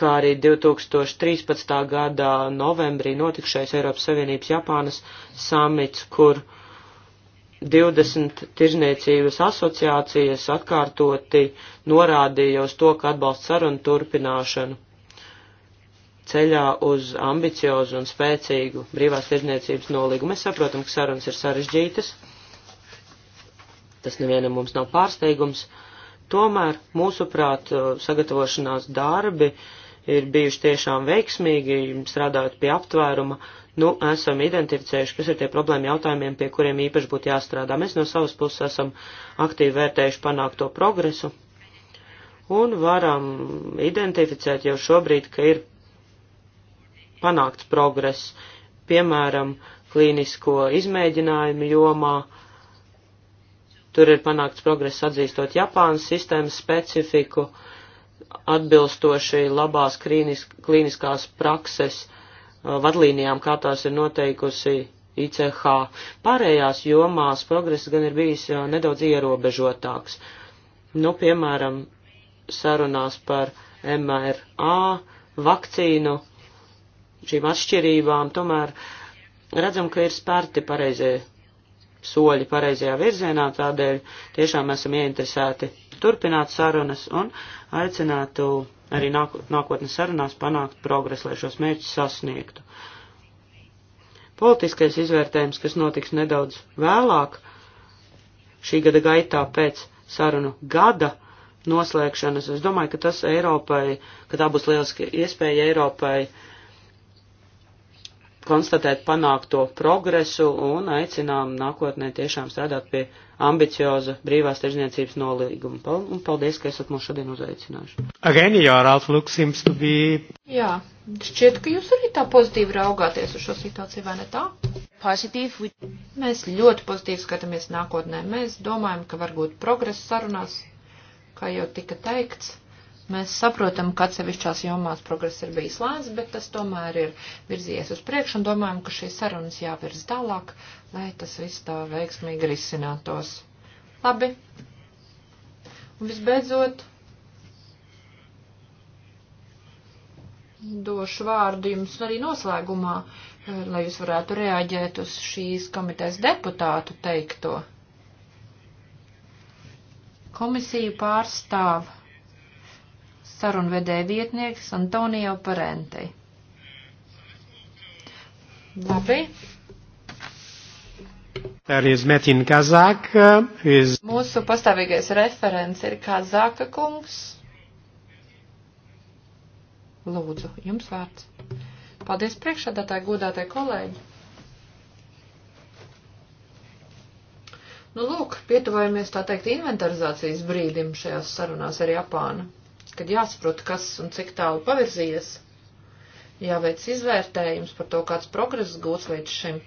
kā arī 2013. gada novembrī notikšais Eiropas Savienības Japānas samits, kur 20 tirzniecības asociācijas atkārtoti norādīja uz to, ka atbalsta sarunu turpināšanu ceļā uz ambiciozu un spēcīgu brīvās tirdzniecības nolīgu. Mēs saprotam, ka sarunas ir sarežģītas, tas nevienam mums nav pārsteigums, tomēr mūsuprāt sagatavošanās darbi ir bijuši tiešām veiksmīgi, strādājot pie aptvēruma, nu, esam identificējuši, kas ir tie problēma jautājumiem, pie kuriem īpaši būtu jāstrādā. Mēs no savas puses esam aktīvi vērtējuši panākto progresu un varam identificēt jau šobrīd, ka ir panākts progress, piemēram, klīnisko izmēģinājumu jomā. Tur ir panākts progress atzīstot Japānas sistēmas specifiku, atbilstoši labās klīnis, klīniskās prakses uh, vadlīnijām, kā tās ir noteikusi ICH. Pārējās jomās progress gan ir bijis uh, nedaudz ierobežotāks. Nu, piemēram, sarunās par MRA vakcīnu šīm atšķirībām, tomēr redzam, ka ir spērti pareizie soļi pareizajā virzienā, tādēļ tiešām esam ieinteresēti turpināt sarunas un aicinātu arī nākotnes sarunās panākt progresu, lai šos mērķus sasniegtu. Politiskais izvērtējums, kas notiks nedaudz vēlāk, šī gada gaitā pēc sarunu gada noslēgšanas, es domāju, ka tas Eiropai, ka tā būs lieliski iespēja Eiropai uh, konstatēt panākto progresu un aicinām nākotnē tiešām strādāt pie ambicioza brīvās tirzniecības nolīguma. Pal un paldies, ka esat mūs šodien uzaicinājuši. Again, your outlook seems to be... Jā, šķiet, ka jūs arī tā pozitīvi raugāties uz šo situāciju, vai ne tā? Positive. We... Mēs ļoti pozitīvi skatāmies nākotnē. Mēs domājam, ka varbūt progress sarunās, kā jau tika teikts Mēs saprotam, ka atsevišķās jomās progress ir bijis lēns, bet tas tomēr ir virzies uz priekšu un domājam, ka šīs sarunas jāvirz tālāk, lai tas viss tā veiksmīgi risinātos. Labi. Un visbeidzot, došu vārdu jums arī noslēgumā, eh, lai jūs varētu reaģēt uz šīs komitejas deputātu teikto. Komisiju pārstāv sarunvedēja vietnieks Antonio Parenti. Labi. Arī uz Metina Kazaka. Uh, is... Mūsu pastāvīgais referents ir Kazaka kungs. Lūdzu, jums vārds. Paldies priekšādātāji, godātie kolēģi. Nu, lūk, pietuvojamies, tā teikt, inventarizācijas brīdim šajās sarunās ar Japānu kad jāsaprot, kas un cik tālu pavirzījies, jāveic izvērtējums par to, kāds progress gūts līdz šim.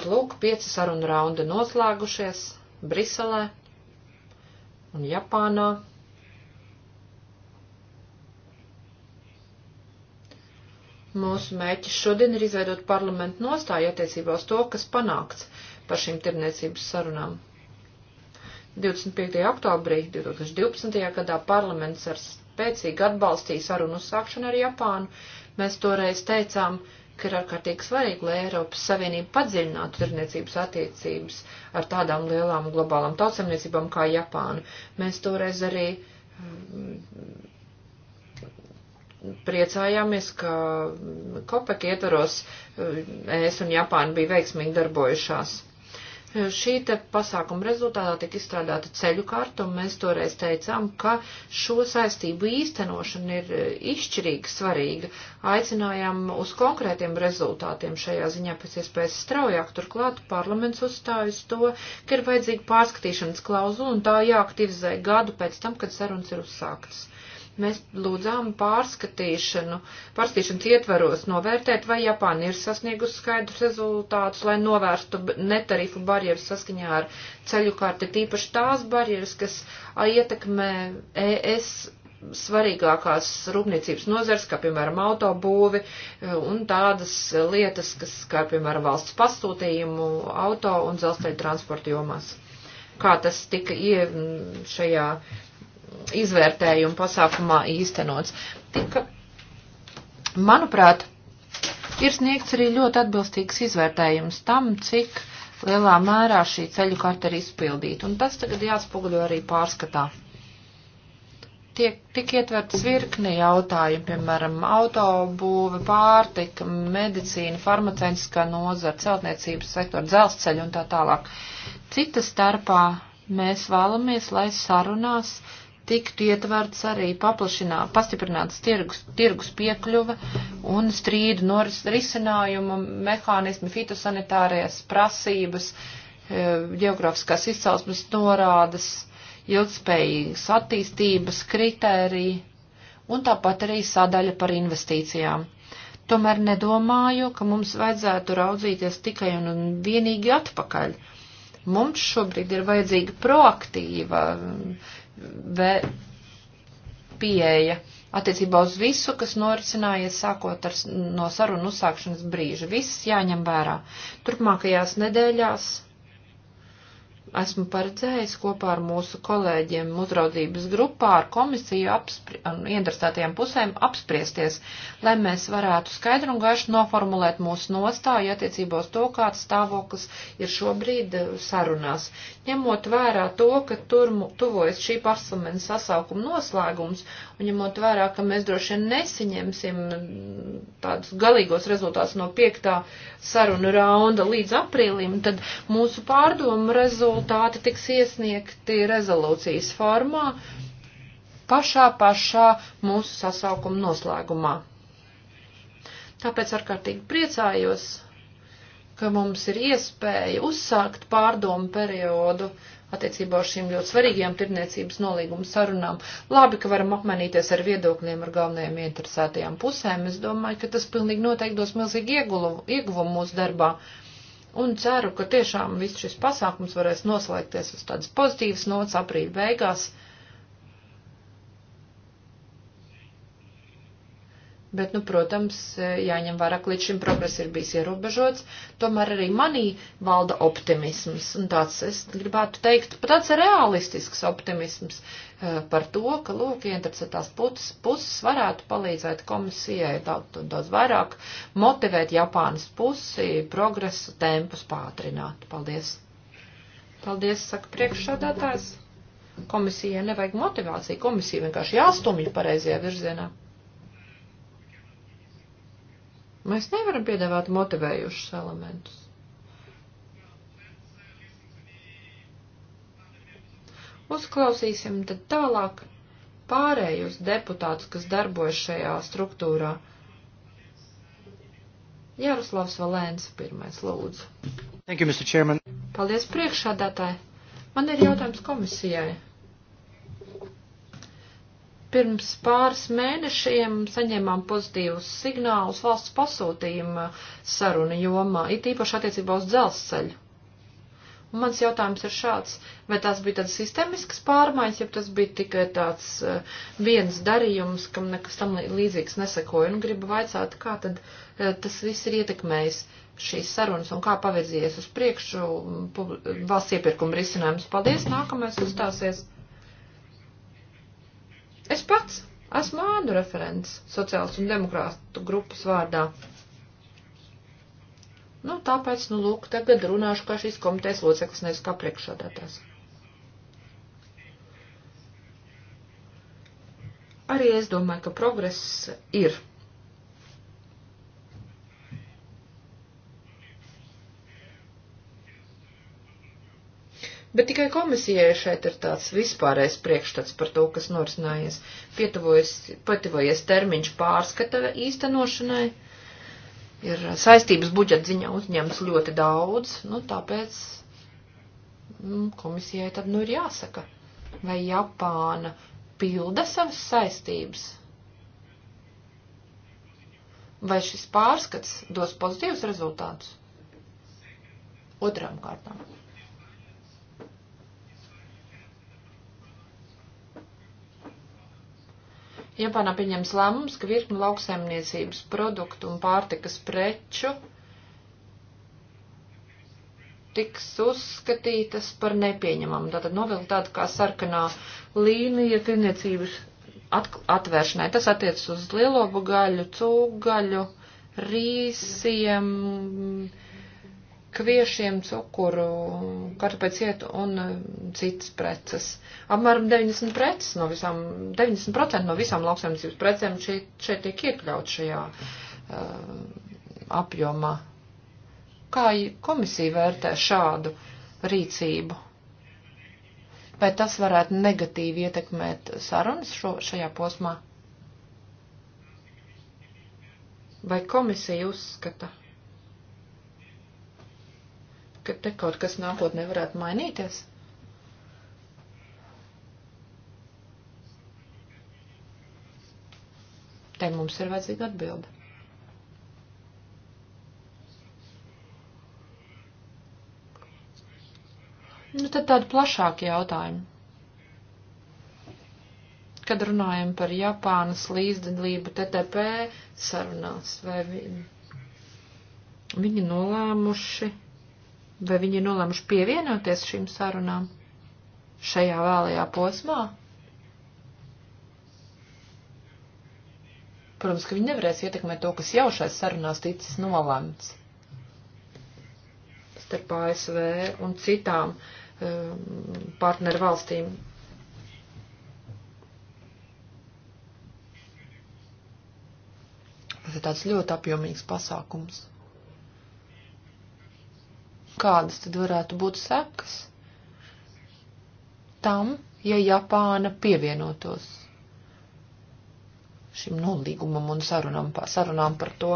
Ir lūk, pieci sarunu raunda noslēgušies Briselē un Japānā. Mūsu mēķis šodien ir izveidot parlamentu nostāju attiecībā uz to, kas panākts par šīm tirniecības sarunām. 25. oktobrī 2012. gadā parlaments ar spēcīgi atbalstīja sarunu uzsākšanu ar Japānu. Mēs toreiz teicām, ka ir ārkārtīgi svarīgi, lai Eiropas Savienība padziļinātu tirniecības attiecības ar tādām lielām globālām tautsemniecībām kā Japāna. Mēs toreiz arī mm, priecājāmies, ka Kopek ietvaros mm, ES un Japāna bija veiksmīgi darbojušās. Šī te pasākuma rezultātā tika izstrādāta ceļu karta, un mēs toreiz teicām, ka šo saistību īstenošana ir e, izšķirīgi svarīga. Aicinājām uz konkrētiem rezultātiem šajā ziņā pēc iespējas straujāk. Turklāt parlaments uzstājas to, ka ir vajadzīga pārskatīšanas klauzula, un tā jāaktivizē gadu pēc tam, kad sarunas ir uzsāktas. Mēs lūdzām pārskatīšanu, pārskatīšanas ietvaros novērtēt, vai Japāna ir sasniegusi skaidrus rezultātus, lai novērstu netarifu barjeras saskaņā ar ceļu kārti, tīpaši tās barjeras, kas ietekmē ES svarīgākās rūpniecības nozars, kā piemēram autobūvi e, un tādas lietas, kas, kā piemēram valsts pasūtījumu, auto un dzelzceļa transporta jomās. Kā tas tika ie šajā izvērtējuma pasākumā īstenots. Tika, manuprāt, ir sniegts arī ļoti atbilstīgs izvērtējums tam, cik lielā mērā šī ceļu karta ir izpildīta, un tas tagad jāspoguļo arī pārskatā. Tiek tik ietverts virkni jautājumi, piemēram, autobūve, pārtika, medicīna, farmaceitiskā nozara, celtniecības sektora, dzelzceļa un tā tālāk. Cita starpā mēs vēlamies, lai sarunās uh, tiktu ietverts arī paplašināt, pastiprināts tirgus, tirgus piekļuva un strīdu noris, risinājumu mehānismi, fitosanitārijas prasības, e, geogrāfiskās izcelsmes norādes, ilgspējīgas attīstības kritēriji un tāpat arī sadaļa par investīcijām. Tomēr nedomāju, ka mums vajadzētu raudzīties tikai un vienīgi atpakaļ. Mums šobrīd ir vajadzīga proaktīva pieeja attiecībā uz visu, kas norisinājies sākot ar, no sarunu uzsākšanas brīža. Viss jāņem vērā. Turpmākajās nedēļās esmu paredzējis kopā ar mūsu kolēģiem uzraudzības grupā, ar komisiju un interesētajām pusēm apspriesties, lai mēs varētu skaidru un gaišu noformulēt mūsu nostāju attiecībā uz to, kāds stāvoklis ir šobrīd eh, sarunās. Ņemot vērā to, ka tur tuvojas šī parlamenta sasaukuma noslēgums ņemot vērā, ka mēs droši vien nesaņemsim tādus galīgos rezultātus no piektā sarunu raunda līdz aprīlim, tad mūsu pārdomu rezultāti tiks iesniegti rezolūcijas formā pašā pašā mūsu sasaukuma noslēgumā. Tāpēc ārkārtīgi priecājos, ka mums ir iespēja uzsākt pārdomu periodu attiecībā uz šīm ļoti svarīgajām tirniecības nolīguma sarunām. Labi, ka varam apmainīties ar viedokļiem ar galvenajām interesētajām pusēm. Es domāju, ka tas pilnīgi noteikti dos milzīgi ieguvumu mūsu darbā. Un ceru, ka tiešām viss šis pasākums varēs noslēgties uz tādas pozitīvas nots aprīļa beigās. Bet, nu, protams, e, jāņem vērā, ka līdz šim progress ir bijis ierobežots, tomēr arī manī valda optimisms, un tāds, es gribētu teikt, pat tāds realistisks optimisms e, par to, ka, lūk, interesētās puses, puses varētu palīdzēt komisijai daudz, daudz vairāk motivēt Japānas pusi progresu tempus pātrināt. Paldies! Paldies, saka priekšsādātājs. Komisijai nevajag motivāciju, komisija vienkārši jāstumj pareizajā virzienā. Mēs nevaram piedāvāt motivējušus elementus. Uzklausīsim tad tālāk pārējus deputātus, kas darbojas šajā struktūrā. Jaroslavs Valēns pirmais lūdzu. Thank you, Mr. Chairman. Paldies priekšādātāji. Man ir jautājums komisijai. Pirms pāris mēnešiem saņēmām pozitīvus signālus valsts pasūtījuma saruna jomā, it īpaši attiecībā uz dzelzceļu. Un mans jautājums ir šāds, vai tās bija tāds sistemisks pārmaiņas, ja tas bija tikai tāds uh, viens darījums, kam nekas tam līdzīgs nesakoja, un gribu vaicāt, kā tad uh, tas viss ir ietekmējis šīs sarunas un kā pavirzījies uz priekšu mm, valsts iepirkuma risinājums. Paldies, nākamais uzstāsies. Mm -hmm. Es pats esmu ānu referents sociāls un demokrātu grupas vārdā. Nu, tāpēc, nu, lūk, tagad runāšu kā šīs komitejas loceklis, nevis kā priekšādātās. Arī es domāju, ka progress ir bet tikai komisijai šeit ir tāds vispārējais priekšstats par to, kas norisinājies, pietuvojies termiņš pārskata īstenošanai, ir saistības budžeta ziņā uzņemts ļoti daudz, nu tāpēc nu, komisijai tad nu ir jāsaka, vai Japāna pilda savas saistības. Vai šis pārskats dos pozitīvus rezultātus? Otrām kārtām. Japānā pieņems lēmums, ka virkni lauksaimniecības produktu un pārtikas preču tiks uzskatītas par nepieņemamu. Tātad novilkt tāda kā sarkanā līnija tirniecības atvēršanai. Tas attiecas uz lielobu gaļu, cūgaļu, rīsiem, kviešiem, cukuru, kartupēcietu un eh, citas preces. Apmēram 90%, preces no visām, 90 no visām lauksaimniecības precēm šeit, šeit tiek iekļaut šajā uh, apjomā. Kā komisija vērtē šādu rīcību? Vai tas varētu negatīvi ietekmēt sarunas šo, šajā posmā? Vai komisija uzskata? ka te kaut kas nākotnē varētu mainīties? Te mums ir vajadzīga atbilde. Nu, tad tādi plašāki jautājumi. Kad runājam par Japānas līdzdalību TTP sarunās, vai viņi, viņi nolēmuši Vai viņi ir nolēmuši pievienoties šīm sarunām šajā vēlajā posmā? Protams, ka viņi nevarēs ietekmēt to, kas jau šais sarunās ticis nolēmts starp ASV un citām um, partneru valstīm. Tas ir tāds ļoti apjomīgs pasākums kādas tad varētu būt sekas tam, ja Japāna pievienotos šim nolīgumam un sarunam, sarunām par to?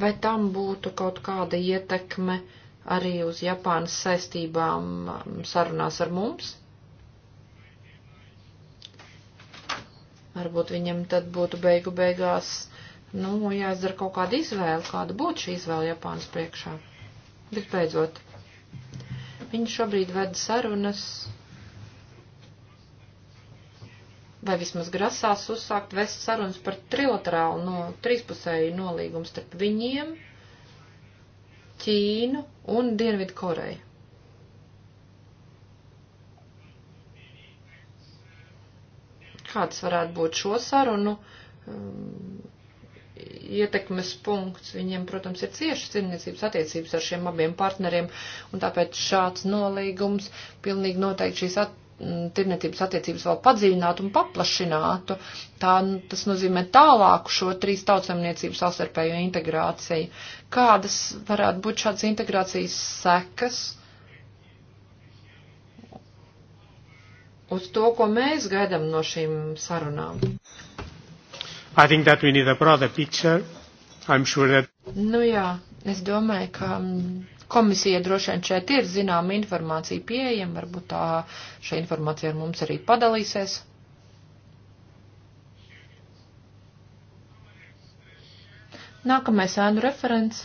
Vai tam būtu kaut kāda ietekme arī uz Japānas saistībām um, sarunās ar mums? Varbūt viņam tad būtu beigu beigās, nu, jāizdara kaut kāda izvēle, kāda būtu šī izvēle Japānas priekšā. Visbeidzot, viņi šobrīd veda sarunas, vai vismaz grasās uzsākt vest sarunas par trilaterālu no trīspusēju nolīgumu starp viņiem, Ķīnu un Dienvidu Koreju. Kāds varētu būt šo sarunu um, ietekmes punkts. Viņiem, protams, ir ciešas cilvēcības attiecības ar šiem abiem partneriem, un tāpēc šāds nolīgums pilnīgi noteikti šīs at tirnetības attiecības vēl padziļinātu un paplašinātu. Tā, tas nozīmē tālāku šo trīs tautsamniecību savstarpējo integrāciju. Kādas varētu būt šādas integrācijas sekas? uz to, ko mēs gaidām no šīm sarunām. I think that we need a broader picture. I'm sure that. Nu jā, es domāju, ka mm, komisija droši vien šeit ir zināma informācija pieejama, varbūt tā šī informācija ar mums arī padalīsies. Nākamais ēnu referents.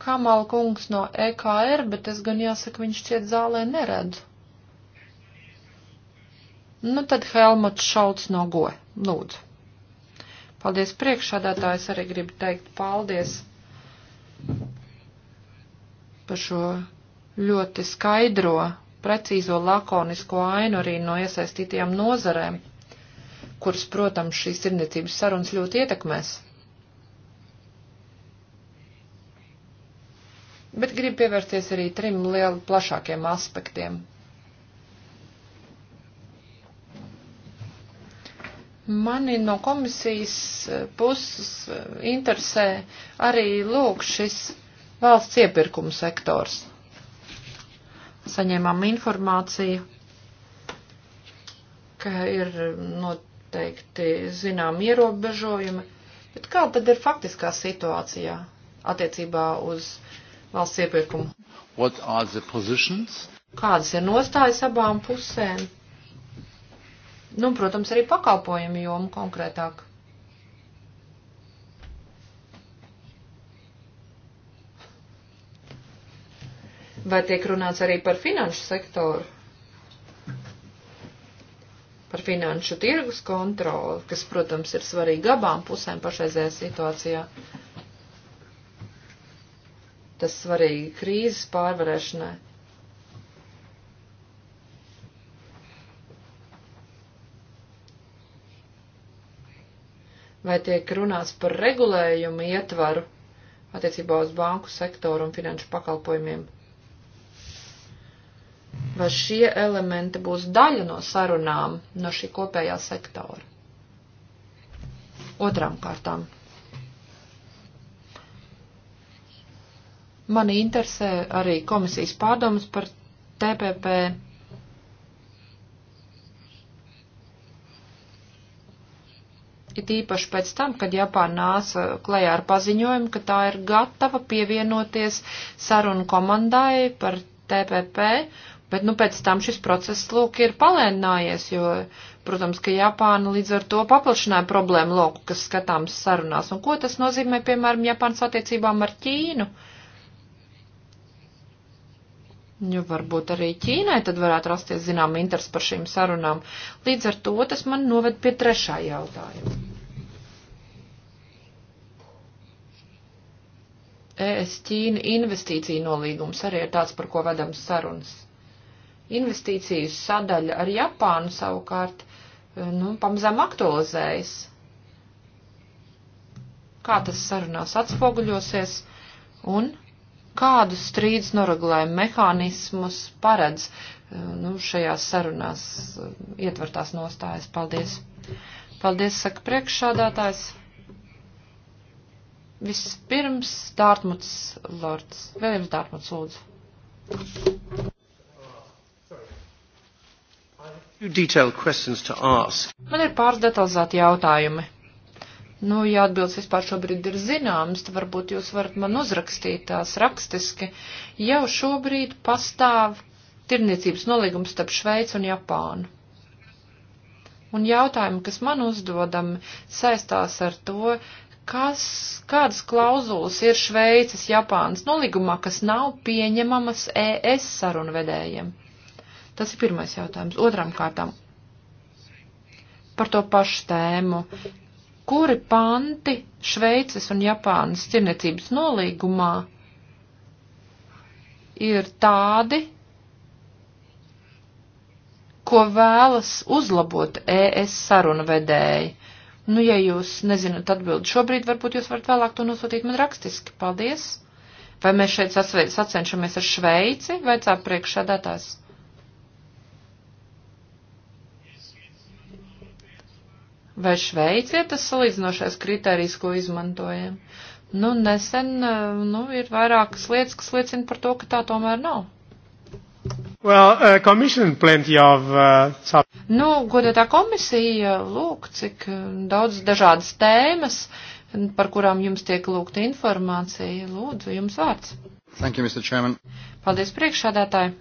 Kamal kungs no EKR, bet es gan jāsaka, viņš šķiet zālē neredzu. Nu tad Helmuts Šalts no Goe, lūdzu. Paldies priekšādātājs, arī gribu teikt paldies par šo ļoti skaidro, precīzo, lakonisko ainu arī no iesaistītajām nozarēm, kuras, protams, šīs tirniecības sarunas ļoti ietekmēs. bet gribu pievērsties arī trim lielu plašākiem aspektiem. Mani no komisijas eh, puses eh, interesē arī lūk šis valsts iepirkuma sektors. Saņēmām informāciju, ka ir noteikti zinām ierobežojumi, bet kā tad ir faktiskā situācijā attiecībā uz uh, valsts iepirkumu. Kādas ir nostājas abām pusēm? Nu, protams, arī pakalpojumu jomu konkrētāk. Vai tiek runāts arī par finanšu sektoru? Par finanšu tirgus kontroli, kas, protams, ir svarīga abām pusēm pašreizējā situācijā. Uh, Tas svarīgi krīzes pārvarēšanai. Vai tiek runāts par regulējumu ietvaru attiecībā uz banku sektoru un finanšu pakalpojumiem? vai šie elementi būs daļa no sarunām no šī kopējā sektora. Otrām kārtām Mani interesē arī komisijas pārdomas par TPP. It īpaši pēc tam, kad Japāna nāca klajā ar paziņojumu, ka tā ir gatava pievienoties sarunu komandai par TPP, bet nu pēc tam šis process lūk ir palēnājies, jo, protams, ka Japāna līdz ar to paplašināja problēmu loku, kas skatāms sarunās. Un ko tas nozīmē, piemēram, Japānas attiecībām ar Ķīnu? Uh, Jo nu, varbūt arī Ķīnai tad varētu rasties zinām interesi par šīm sarunām. Līdz ar to tas man noved pie trešā jautājuma. ES Ķīna investīcija nolīgums arī ir tāds, par ko vedam sarunas. Investīciju sadaļa ar Japānu savukārt, e, nu, pamazām aktualizējas. Kā tas sarunās atspoguļosies un kādus strīdus noregulējumu mehānismus paredz eh, nu, šajās sarunās eh, ietvertās nostājas. Paldies. Paldies, saka priekšsādātājs. Vispirms Dārtmuts Lords. Vēl jums Dārtmuts lūdzu. Man ir pāris detalizēti jautājumi. Nu, ja atbildes vispār šobrīd ir zināmas, tad varbūt jūs varat man uzrakstīt tās rakstiski. Jau šobrīd pastāv tirniecības nolīgums starp Šveicu un Japānu. Un jautājumi, kas man uzdodami, saistās ar to, kas, kādas klauzulas ir Šveices, Japānas nolīgumā, kas nav pieņemamas ES sarunvedējiem. Tas ir pirmais jautājums. Otram kārtām par to pašu tēmu kuri panti Šveices un Japānas tirniecības nolīgumā ir tādi, ko vēlas uzlabot ES sarunu vedēji. Nu, ja jūs nezināt atbildi šobrīd, varbūt jūs varat vēlāk to nosūtīt man rakstiski. Paldies! Vai mēs šeit sacenšamies ar Šveici vai cā priekšādātājs? Vai Šveice ir tas salīdzinošais kriterijs, ko izmantojam? Nu, nesen, eh, nu, ir vairākas lietas, kas liecina par to, ka tā tomēr nav. Well, uh, commission plenty of, uh, nu, godētā komisija, lūk, cik eh, daudz dažādas tēmas, par kurām jums tiek lūgta informācija. Lūdzu, jums vārds. Thank you, Mr. Chairman. Paldies priekšādātāji.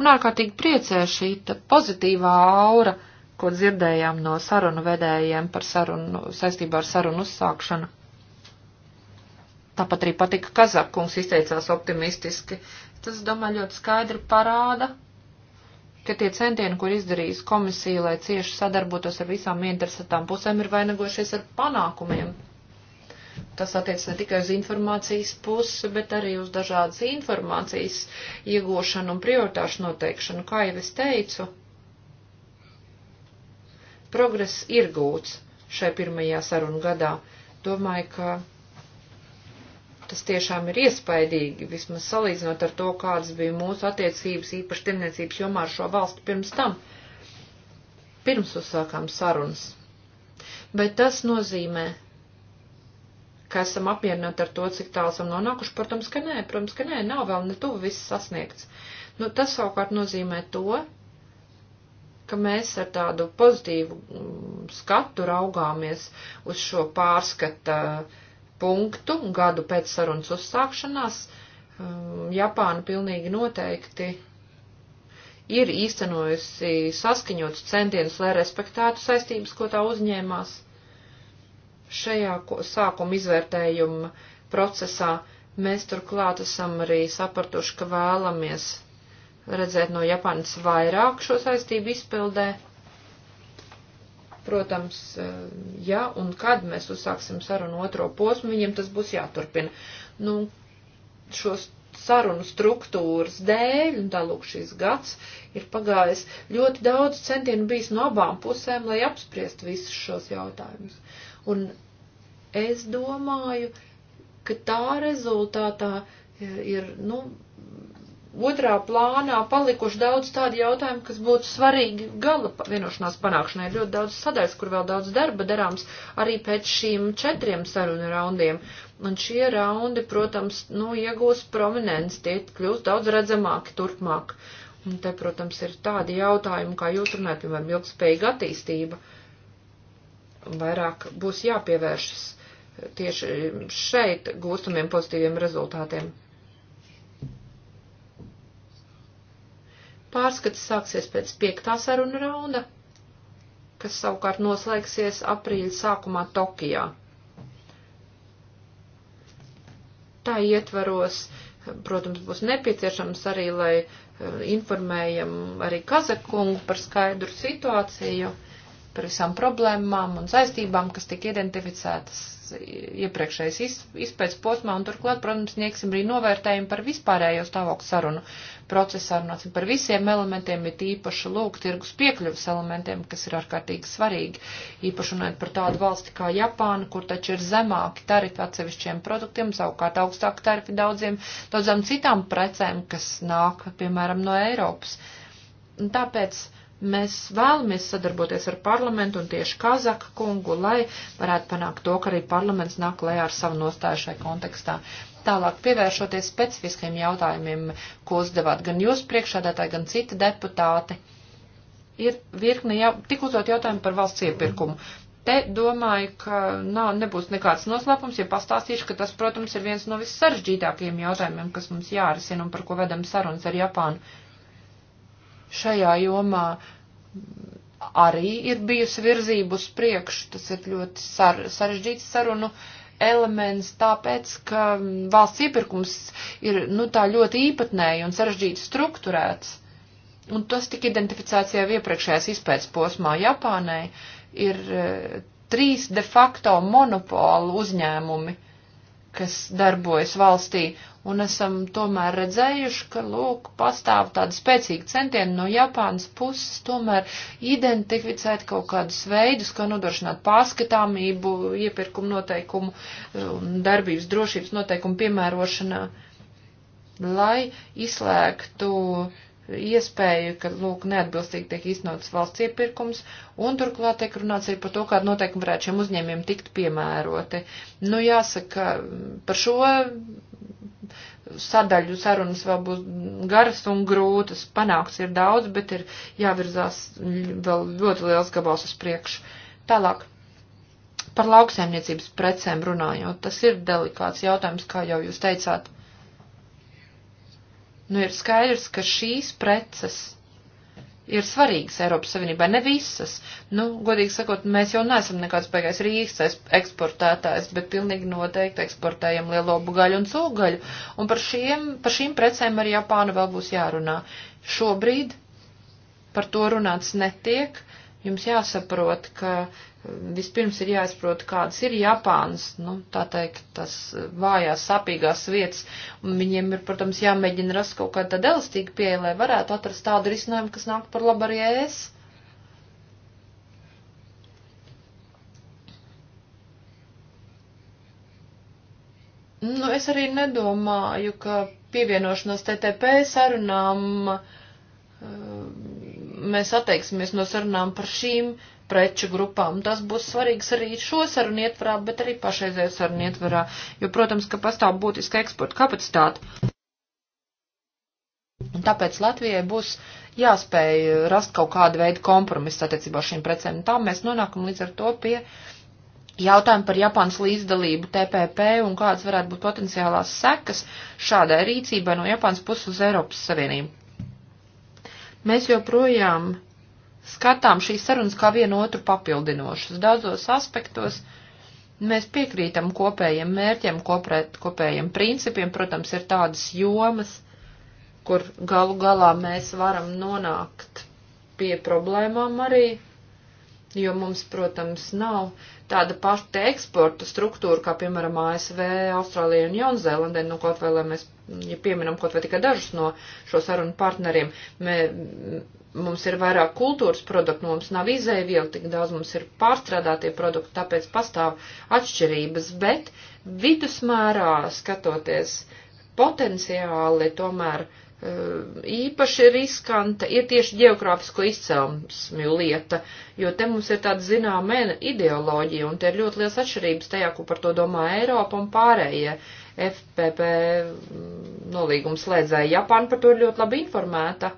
Un ārkārtīgi priecē šī pozitīvā aura, ko dzirdējām no sarunu vedējiem par sarunu, saistībā ar sarunu uzsākšanu. Tāpat arī patika Kazakungs izteicās optimistiski. Tas, domāju, ļoti skaidri parāda, ka tie centieni, kur izdarījis komisija, lai cieši sadarbotos ar visām interesētām pusēm, ir vainagojušies ar panākumiem. Mm. Tas attiec ne tikai uz informācijas pusi, bet arī uz dažādas informācijas iegūšanu un prioritāšu noteikšanu. Kā jau es teicu, progress ir gūts šai pirmajā sarunu gadā. Domāju, ka tas tiešām ir iespaidīgi, vismaz salīdzinot ar to, kādas bija mūsu attiecības īpaši tirniecības jomā ar šo valstu pirms tam, pirms uzsākām sarunas. Bet tas nozīmē, ka esam apmierināti ar to, cik tālu esam nonākuši. Protams, ka nē, protams, ka nē, nav vēl ne tuvu viss sasniegts. Nu, tas savukārt nozīmē to, ka mēs ar tādu pozitīvu mm, skatu raugāmies uz šo pārskata punktu gadu pēc sarunas uzsākšanās. Mm, Japāna pilnīgi noteikti ir īstenojusi saskaņots centienus, lai respektētu saistības, ko tā uzņēmās Šajā sākuma izvērtējuma procesā mēs turklāt esam arī sapratuši, ka vēlamies redzēt no Japānas vairāk šo saistību izpildē. Protams, eh, ja un kad mēs uzsāksim sarunu otro posmu, viņiem tas būs jāturpina. Nu, šos sarunu struktūras dēļ, un tālūk šis gads ir pagājis, ļoti daudz centienu bijis no abām pusēm, lai apspriest visus šos jautājumus. Un es domāju, ka tā rezultātā e, ir, nu, otrā plānā palikuši daudz tādu jautājumu, kas būtu svarīgi gala vienošanās panākšanai. Ļoti daudz sadaļas, kur vēl daudz darba darāms arī pēc šīm četriem sarunu raundiem. Un šie raundi, protams, nu, iegūs prominents, tie kļūst daudz redzamāki turpmāk. Un te, protams, ir tādi jautājumi, kā jūs runājat, piemēram, ilgspējīga attīstība. Uh, vairāk būs jāpievēršas tieši šeit gūstamiem pozitīviem rezultātiem. Pārskats sāksies pēc piektā saruna raunda, kas savukārt noslēgsies aprīļa sākumā Tokijā. Tā ietvaros, protams, būs nepieciešams arī, lai eh, informējam arī Kazakungu par skaidru situāciju par visām problēmām un saistībām, kas tika identificētas iepriekšējais izpētes posmā, un turklāt, protams, sniegsim arī novērtējumu par vispārējo stāvokļu sarunu procesā, runāsim par visiem elementiem, ir īpaši lūk tirgus piekļuvas elementiem, kas ir ārkārtīgi svarīgi, īpaši runājot par tādu valsti kā Japāna, kur taču ir zemāki tarifi atsevišķiem produktiem, savukārt augstāki tarifi daudziem, daudzām citām precēm, kas nāk, piemēram, no Eiropas. Un tāpēc Mēs vēlamies sadarboties ar parlamentu un tieši Kazaka kungu, lai varētu panākt to, ka arī parlaments nāk lejā ar savu nostāju šai kontekstā. Tālāk pievēršoties specifiskiem jautājumiem, ko uzdevāt gan jūs priekšādātāji, gan citi deputāti, ir virkni jau tik uzdot jautājumu par valsts iepirkumu. Te domāju, ka nav, nebūs nekāds noslēpums, ja pastāstīšu, ka tas, protams, ir viens no vissaržģītākajiem jautājumiem, kas mums jārisina un par ko vedam sarunas ar Japānu šajā jomā arī ir bijusi virzība uz priekšu. Tas ir ļoti sar sarežģīts sarunu elements, tāpēc, ka valsts iepirkums ir, nu, tā ļoti īpatnēji un sarežģīti strukturēts. Un tas tika identificēts jau iepriekšējās izpētes posmā Japānai. Ir e, trīs de facto monopolu uzņēmumi, kas darbojas valstī, un esam tomēr redzējuši, ka, lūk, pastāv tāda spēcīga centiena no Japānas puses tomēr identificēt kaut kādus veidus, kā nodrošināt pārskatāmību, iepirkumu noteikumu un darbības drošības noteikumu piemērošanā, lai izslēgtu iespēju, ka, lūk, neatbilstīgi tiek iznotas valsts iepirkums, un turklāt tiek runāts arī par to, kāda noteikuma varētu šiem uzņēmiem tikt piemēroti. Nu, jāsaka, par šo sadaļu sarunas vēl būs garas un grūtas, panāks ir daudz, bet ir jāvirzās vēl ļoti liels gabals uz priekšu. Tālāk. Par lauksaimniecības precēm runājot, tas ir delikāts jautājums, kā jau jūs teicāt. Nu, ir skaidrs, ka šīs preces ir svarīgas Eiropas Savienībai, ne visas. Nu, godīgi sakot, mēs jau neesam nekāds baigais rīks eksportētājs, bet pilnīgi noteikti eksportējam lielo bugaļu un cūgaļu. Un par, šiem, par šīm precēm ar Japānu vēl būs jārunā. Šobrīd par to runāts netiek, Jums jāsaprot, ka um, vispirms ir jāizprot, kādas ir Japānas, nu, tā teikt, tas uh, vājās, sapīgās vietas, un viņiem ir, protams, jāmēģina rast kaut kāda tāda elastīga pieeja, lai varētu atrast tādu risinājumu, kas nāk par labu arī es. Nu, es arī nedomāju, ka pievienošanās TTP sarunām uh, mēs atteiksimies no sarunām par šīm preču grupām. Tas būs svarīgs arī šo sarunu ietvarā, bet arī pašreizēju sarunu ietvarā, jo, protams, ka pastāv būtiska eksporta kapacitāte. Un tāpēc Latvijai būs jāspēj rast kaut kādu veidu kompromisu attiecībā šīm precēm. Tā mēs nonākam līdz ar to pie jautājumu par Japānas līdzdalību TPP un kādas varētu būt potenciālās sekas šādai rīcībai no Japānas puses uz Eiropas Savienību. Mēs joprojām skatām šīs sarunas kā vienu otru papildinošas. Daudzos aspektos mēs piekrītam kopējiem mērķiem, koprēt, kopējiem principiem. Protams, ir tādas jomas, kur galu galā mēs varam nonākt pie problēmām arī, jo mums, protams, nav tāda pati eksporta struktūra, kā piemēram ASV, Austrālija un Jaunzēlandē, nu kaut vai, lai mēs ja pieminam kaut vai tikai dažus no šo sarunu partneriem, mē, mums ir vairāk kultūras produktu, nu, mums nav izēvielu, tik daudz mums ir pārstrādātie produkti, tāpēc pastāv atšķirības, bet vidusmērā skatoties potenciāli tomēr īpaši riskanta ir tieši geogrāfisko izcelsmju lieta, jo te mums ir tāda zināma ideoloģija, un te ir ļoti liels atšķirības tajā, ko par to domā Eiropa un pārējie FPP mm, nolīgums slēdzēja. Japāna par to ir ļoti labi informēta.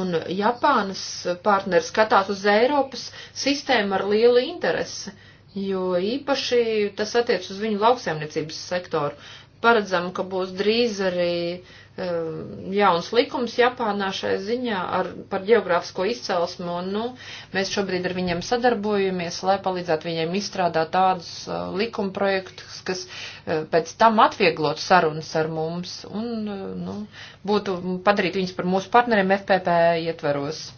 Un Japānas partneri skatās uz Eiropas sistēmu ar lielu interesi, jo īpaši tas attiec uz viņu lauksaimniecības sektoru paredzam, ka būs drīz arī um, jauns likums Japānā šai ziņā ar, par geogrāfisko izcelsmu, un, nu, mēs šobrīd ar viņiem sadarbojamies, lai palīdzētu viņiem izstrādāt tādus uh, likuma projektus, kas uh, pēc tam atvieglot sarunas ar mums, un, uh, nu, būtu padarīt viņus par mūsu partneriem FPP ietveros.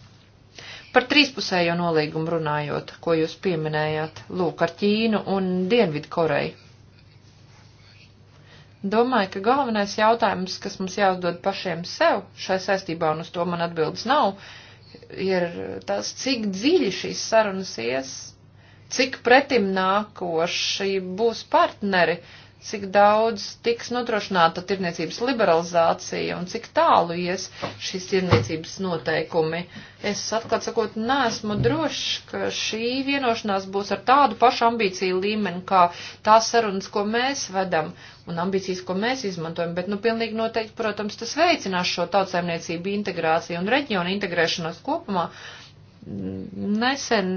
Par trīspusējo nolīgumu runājot, ko jūs pieminējāt, lūk, ar Ķīnu un Dienvidu Koreju Domāju, ka galvenais jautājums, kas mums jāuzdod pašiem sev šai saistībā, un uz to man atbildes nav, ir tas, cik dziļi šīs sarunas ies, cik pretim nākoši būs partneri, uh, cik daudz tiks nodrošināta tirniecības liberalizācija un cik tālu ies šīs tirniecības noteikumi. Es atklāt sakot, neesmu drošs, ka šī vienošanās būs ar tādu pašu ambīciju līmeni, kā tās sarunas, ko mēs vedam un ambīcijas, ko mēs izmantojam, bet, nu, pilnīgi noteikti, protams, tas veicinās šo tautsaimniecību integrāciju un reģionu integrēšanos kopumā. Nesen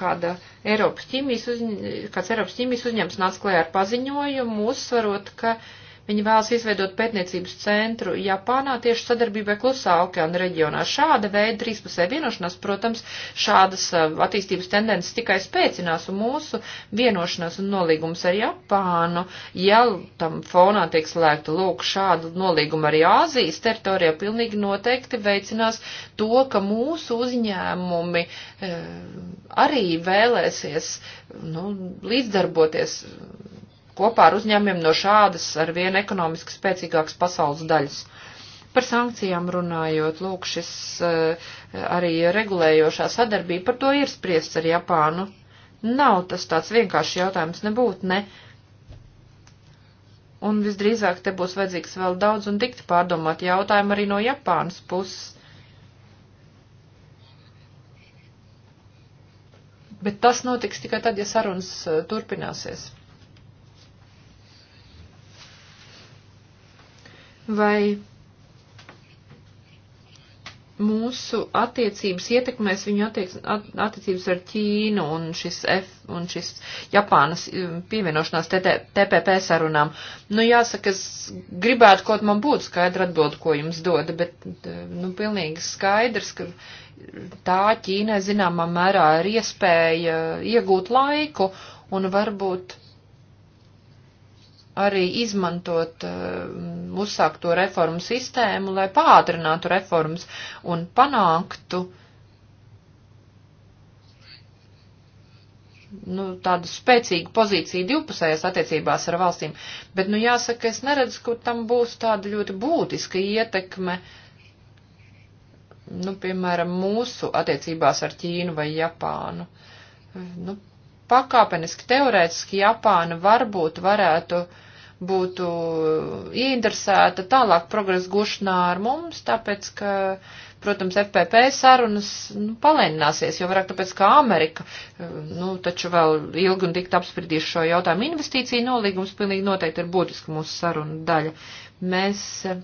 kāda Eiropas ķīmijas, uzņ... kāds Eiropas ķīmijas uzņēmums nāca klajā ar paziņojumu, uzsvarot, ka uh, Viņi vēlas izveidot pētniecības centru Japānā tieši sadarbībā klusā okeāna reģionā. Šāda veida trīspusē vienošanās, protams, šādas uh, attīstības tendences tikai spēcinās un mūsu vienošanās un nolīgums ar Japānu, ja tam fonā tiek slēgta lūk šādu nolīgumu arī Āzijas teritorijā, pilnīgi noteikti veicinās to, ka mūsu uzņēmumi e, arī vēlēsies nu, līdzdarboties kopā ar uzņēmumiem no šādas ar vien ekonomiski spēcīgākas pasaules daļas. Par sankcijām runājot, lūk, šis eh, arī regulējošā sadarbība par to ir spriests ar Japānu. Nav tas tāds vienkāršs jautājums nebūt, ne. Un visdrīzāk te būs vajadzīgs vēl daudz un dikti pārdomāt jautājumu arī no Japānas puses. Bet tas notiks tikai tad, ja sarunas eh, turpināsies. vai mūsu attiecības ietekmēs viņu attiec, at, attiecības ar Ķīnu un šis F un šis Japānas um, pievienošanās TPP sarunām. Nu, jāsaka, es gribētu, kaut man būtu skaidra atbildi, ko jums doda, bet, uh, nu, pilnīgi skaidrs, ka tā Ķīnai zināmā mērā ir iespēja iegūt laiku un varbūt arī izmantot uh, uzsākto reformu sistēmu, lai pātrinātu reformas un panāktu nu, tādu spēcīgu pozīciju divpusējās attiecībās ar valstīm. Bet, nu, jāsaka, es neredzu, kur tam būs tāda ļoti būtiska ietekme, nu, piemēram, mūsu attiecībās ar Ķīnu vai Japānu. Nu, pakāpeniski teorētiski Japāna varbūt varētu uh, būtu ieinteresēta tālāk progresu gušanā ar mums, tāpēc, ka, protams, FPP sarunas nu, palēnināsies, jo vairāk tāpēc, ka Amerika, eh, nu, taču vēl ilgi un tikt apspridīs šo jautājumu. Investīcija nolīgums pilnīgi noteikti ir būtiska mūsu saruna daļa. Mēs eh,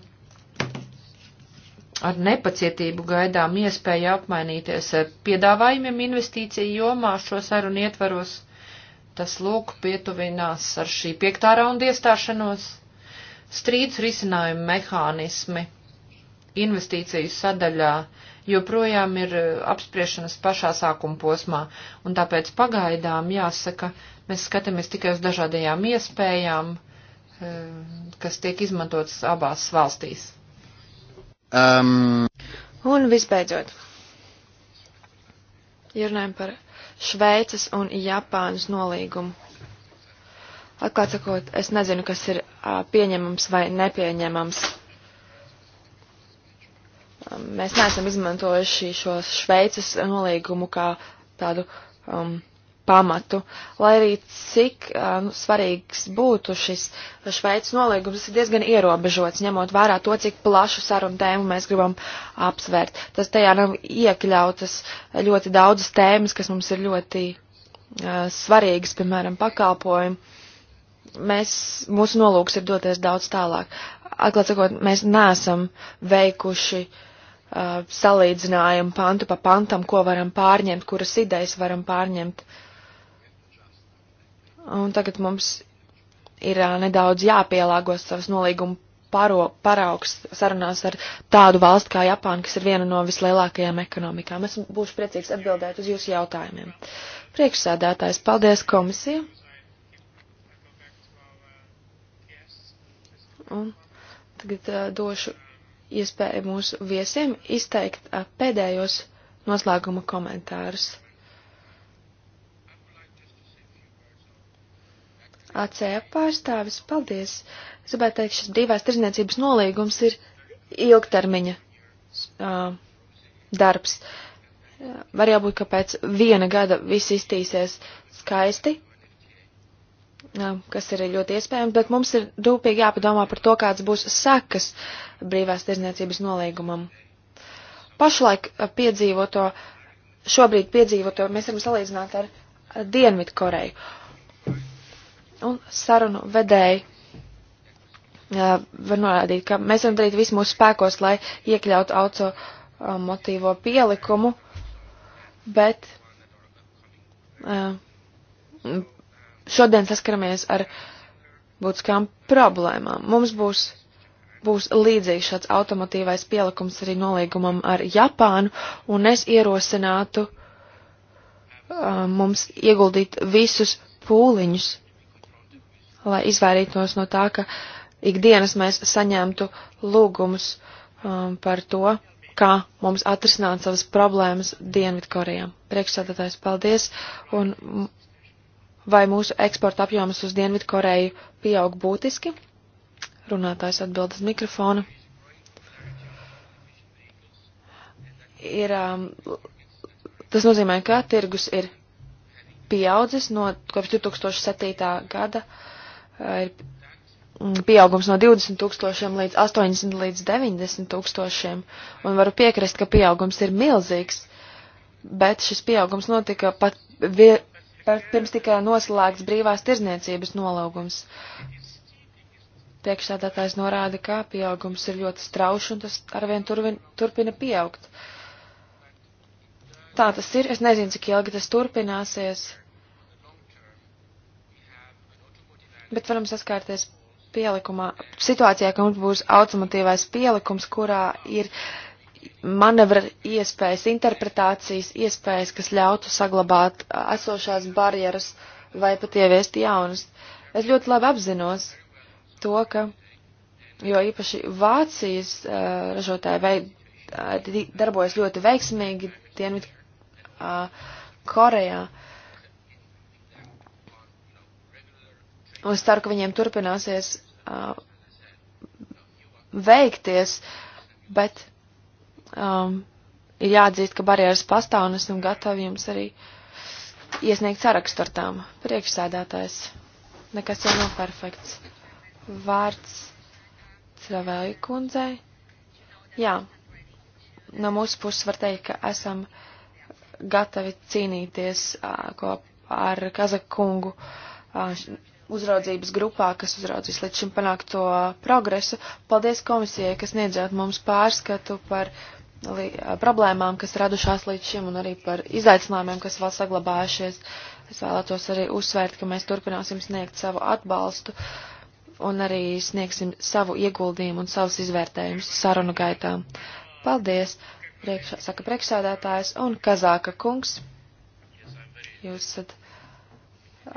ar nepacietību gaidām iespēju apmainīties ar eh, piedāvājumiem investīciju jomā šo sarunu ietvaros Tas lūk pietuvinās ar šī piektā raunda iestāšanos strīdus risinājumu mehānismi investīciju sadaļā joprojām ir e, apspriešanas pašā sākuma posmā, un tāpēc pagaidām jāsaka, mēs skatāmies tikai uz dažādajām iespējām, e, kas tiek izmantotas abās valstīs. Um. Un visbeidzot, ja runājam par Šveices un Japānas nolīgumu. Atklāt sakot, es nezinu, kas ir pieņemams vai nepieņemams. Mēs neesam izmantojuši šo Šveices nolīgumu kā tādu um, pamatu. Lai arī cik nu, svarīgs būtu šis Šveices nolīgums, tas ir diezgan ierobežots, ņemot vērā to, cik plašu sarunu tēmu mēs gribam apsvērt. Tas tajā nav iekļautas ļoti daudzas tēmas, kas mums ir ļoti uh, svarīgas, piemēram, pakalpojumi. Mēs, mūsu nolūks ir doties daudz tālāk. Atklāt sakot, mēs neesam veikuši uh, salīdzinājumu pantu pa pantam, ko varam pārņemt, kuras idejas varam pārņemt. Uh, Un tagad mums ir nedaudz jāpielāgos savas nolīguma paro, paraugs sarunās ar tādu valstu kā Japāna, kas ir viena no vislielākajām ekonomikām. Es būšu priecīgs atbildēt uz jūsu jautājumiem. Priekšsēdētājs, paldies komisija. Un tagad uh, došu iespēju mūsu viesiem izteikt uh, pēdējos noslēguma komentārus. ACE pārstāvis. Paldies! Es gribētu teikt, šis brīvās tirzniecības nolīgums ir ilgtermiņa uh, darbs. Var jābūt, ka pēc viena gada viss iztīsies skaisti, uh, kas ir ļoti iespējams, bet mums ir rūpīgi jāpadomā par to, kāds būs sekas brīvās tirzniecības nolīgumam. Pašlaik piedzīvoto, šobrīd piedzīvoto, mēs varam salīdzināt ar Dienvidkoreju un sarunu vedēji var norādīt, ka mēs varam darīt visu mūsu spēkos, lai iekļautu auto motīvo pielikumu, bet šodien saskaramies ar būtiskām problēmām. Mums būs, būs līdzīgs šāds automotīvais pielikums arī nolīgumam ar Japānu, un es ierosinātu mums ieguldīt visus pūliņus lai izvairītos no tā, ka ikdienas mēs saņemtu lūgumus um, par to, kā mums atrisināt savas problēmas Dienvidkorejā. Priekšsēdētājs, paldies! Un vai mūsu eksporta apjoms uz Dienvidkoreju pieaug būtiski? Runātājs atbild uz mikrofonu. Ir, um, tas nozīmē, ka tirgus ir pieaudzis no kopš 2007. gada. Uh, ir pieaugums no 20 tūkstošiem līdz 80 līdz 90 tūkstošiem, un varu piekrist, ka pieaugums ir milzīgs, bet šis pieaugums notika pat, vie, pat pirms tikai noslēgts brīvās tirzniecības nolaugums. Priekšsēdētājs norāda, ka pieaugums ir ļoti strauši, un tas arvien turvin, turpina pieaugt. Tā tas ir, es nezinu, cik ilgi tas turpināsies Bet varam saskārties pielikumā, situācijā, ka mums būs automatīvais pielikums, kurā ir manevra iespējas, interpretācijas iespējas, kas ļautu saglabāt esošās barjeras vai pat ieviest jaunas. Es ļoti labi apzinos to, ka, jo īpaši Vācijas uh, ražotāji vai, uh, darbojas ļoti veiksmīgi Dienvidu uh, Korejā. Uh, Es ceru, ka viņiem turpināsies uh, veikties, bet um, ir jāatzīst, ka barjeras pastāv un esam gatavi jums arī iesniegt sarakstu ar tām. Priekšsēdētājs. Nekas jau nav perfekts. Vārds Travēju kundzei. Jā, no mūsu puses var teikt, ka esam gatavi cīnīties uh, kopā ar Kazakungu uh, uzraudzības grupā, kas uzraudzīs līdz šim panākto progresu. Paldies komisijai, kas niedzētu mums pārskatu par problēmām, kas radušās līdz šim un arī par izaicinājumiem, kas vēl saglabājušies. Es vēlētos arī uzsvērt, ka mēs turpināsim sniegt savu atbalstu un arī sniegsim savu ieguldījumu un savus izvērtējumus sarunu gaitā. Paldies, priekš, saka priekšsēdētājs un Kazāka kungs. Jūs esat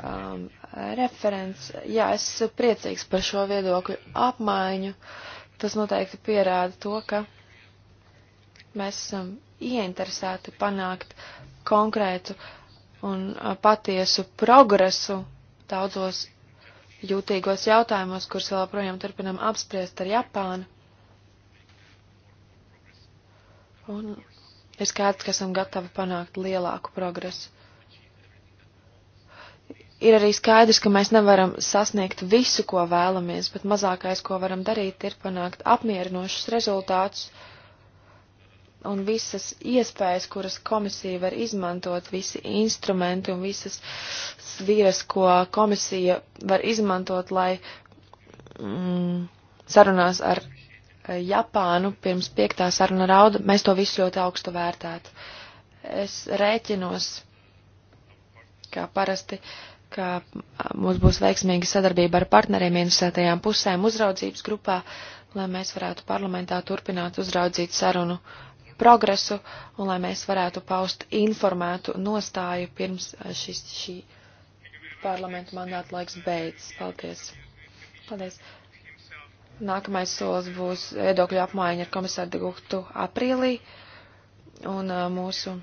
um, referents. Jā, es esmu priecīgs par šo viedokļu apmaiņu. Tas noteikti pierāda to, ka mēs esam ieinteresēti panākt konkrētu un uh, patiesu progresu daudzos jūtīgos jautājumos, kurus vēl projām turpinam apspriest ar Japānu. Un ir skaidrs, ka esam gatavi panākt lielāku progresu. Ir arī skaidrs, ka mēs nevaram sasniegt visu, ko vēlamies, bet mazākais, ko varam darīt, ir panākt apmierinošus rezultātus un visas iespējas, kuras komisija var izmantot, visi instrumenti un visas sviras, ko komisija var izmantot, lai mm, sarunās ar eh, Japānu pirms piektā saruna rauda, mēs to visu ļoti augstu vērtētu. Es rēķinos, kā parasti, uh, ka mums būs veiksmīga sadarbība ar partneriem interesētajām pusēm uzraudzības grupā, lai mēs varētu parlamentā turpināt uzraudzīt sarunu progresu un lai mēs varētu paust informētu nostāju pirms šis, šī parlamentu mandāta laiks beidzas. Paldies! Paldies! Nākamais solis būs viedokļu apmaiņa ar komisāru Diguktu aprīlī un mūsu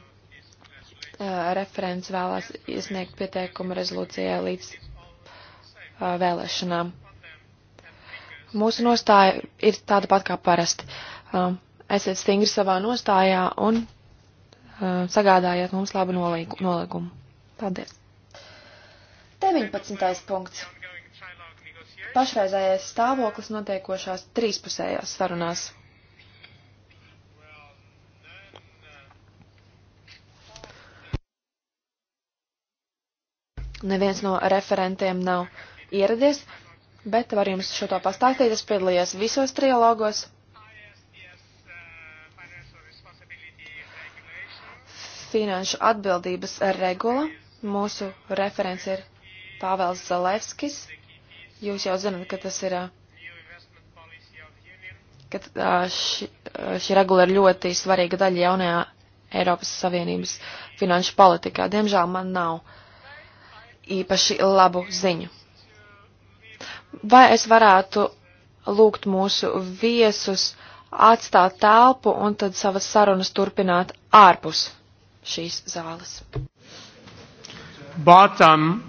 Uh, referents vēlās iesniegt pieteikumu rezolūcijai līdz uh, vēlēšanām. Mūsu nostāja ir tāda pat kā parasti. Um, esiet stingri savā nostājā un uh, sagādājiet mums labu nolīgumu. Paldies! 19. punkts. Pašreizējais stāvoklis notiekošās trīspusējās sarunās. Neviens no referentiem nav ieradies, bet var jums šo to pastāstīt. Es piedalījos visos trialogos. Finanšu atbildības regula. Mūsu referents ir Pāvels Zalevskis. Jūs jau zinat, ka tas ir, ka šī, šī regula ir ļoti svarīga daļa jaunajā Eiropas Savienības finanšu politikā. Diemžēl man nav īpaši labu ziņu. Vai es varētu lūgt mūsu viesus atstāt telpu un tad savas sarunas turpināt ārpus šīs zāles? Bottom.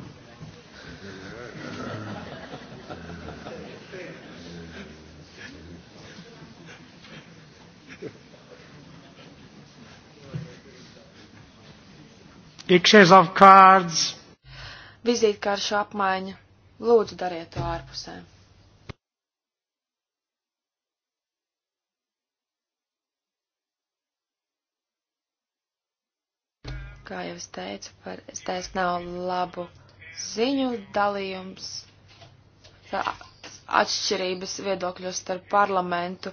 Pictures of cards vizītkāršu apmaiņa. Lūdzu, dariet to ārpusē. Kā jau es teicu, par es teicu, nav labu ziņu dalījums, atšķirības viedokļos starp parlamentu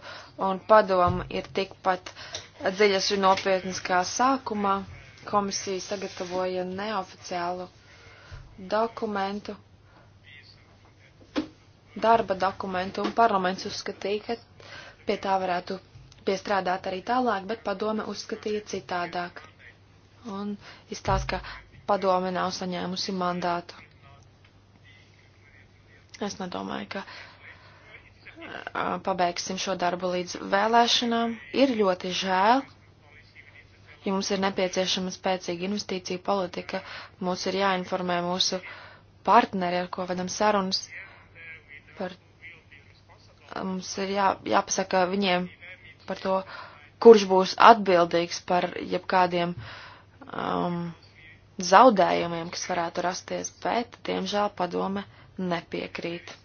un padomu ir tikpat dziļas un nopietnas kā sākumā. Komisija sagatavoja neoficiālu dokumentu, darba dokumentu, un parlaments uzskatīja, ka pie tā varētu piestrādāt arī tālāk, bet padome uzskatīja citādāk. Un izstāst, ka padome nav saņēmusi mandātu. Es nedomāju, ka pabeigsim šo darbu līdz vēlēšanām. Ir ļoti žēl, ja mums ir nepieciešama spēcīga investīcija politika, mums ir jāinformē mūsu partneri, ar ko vedam sarunas. Par, mums ir jā, jāpasaka viņiem par to, kurš būs atbildīgs par jebkādiem um, zaudējumiem, kas varētu rasties, bet, diemžēl, padome nepiekrīt.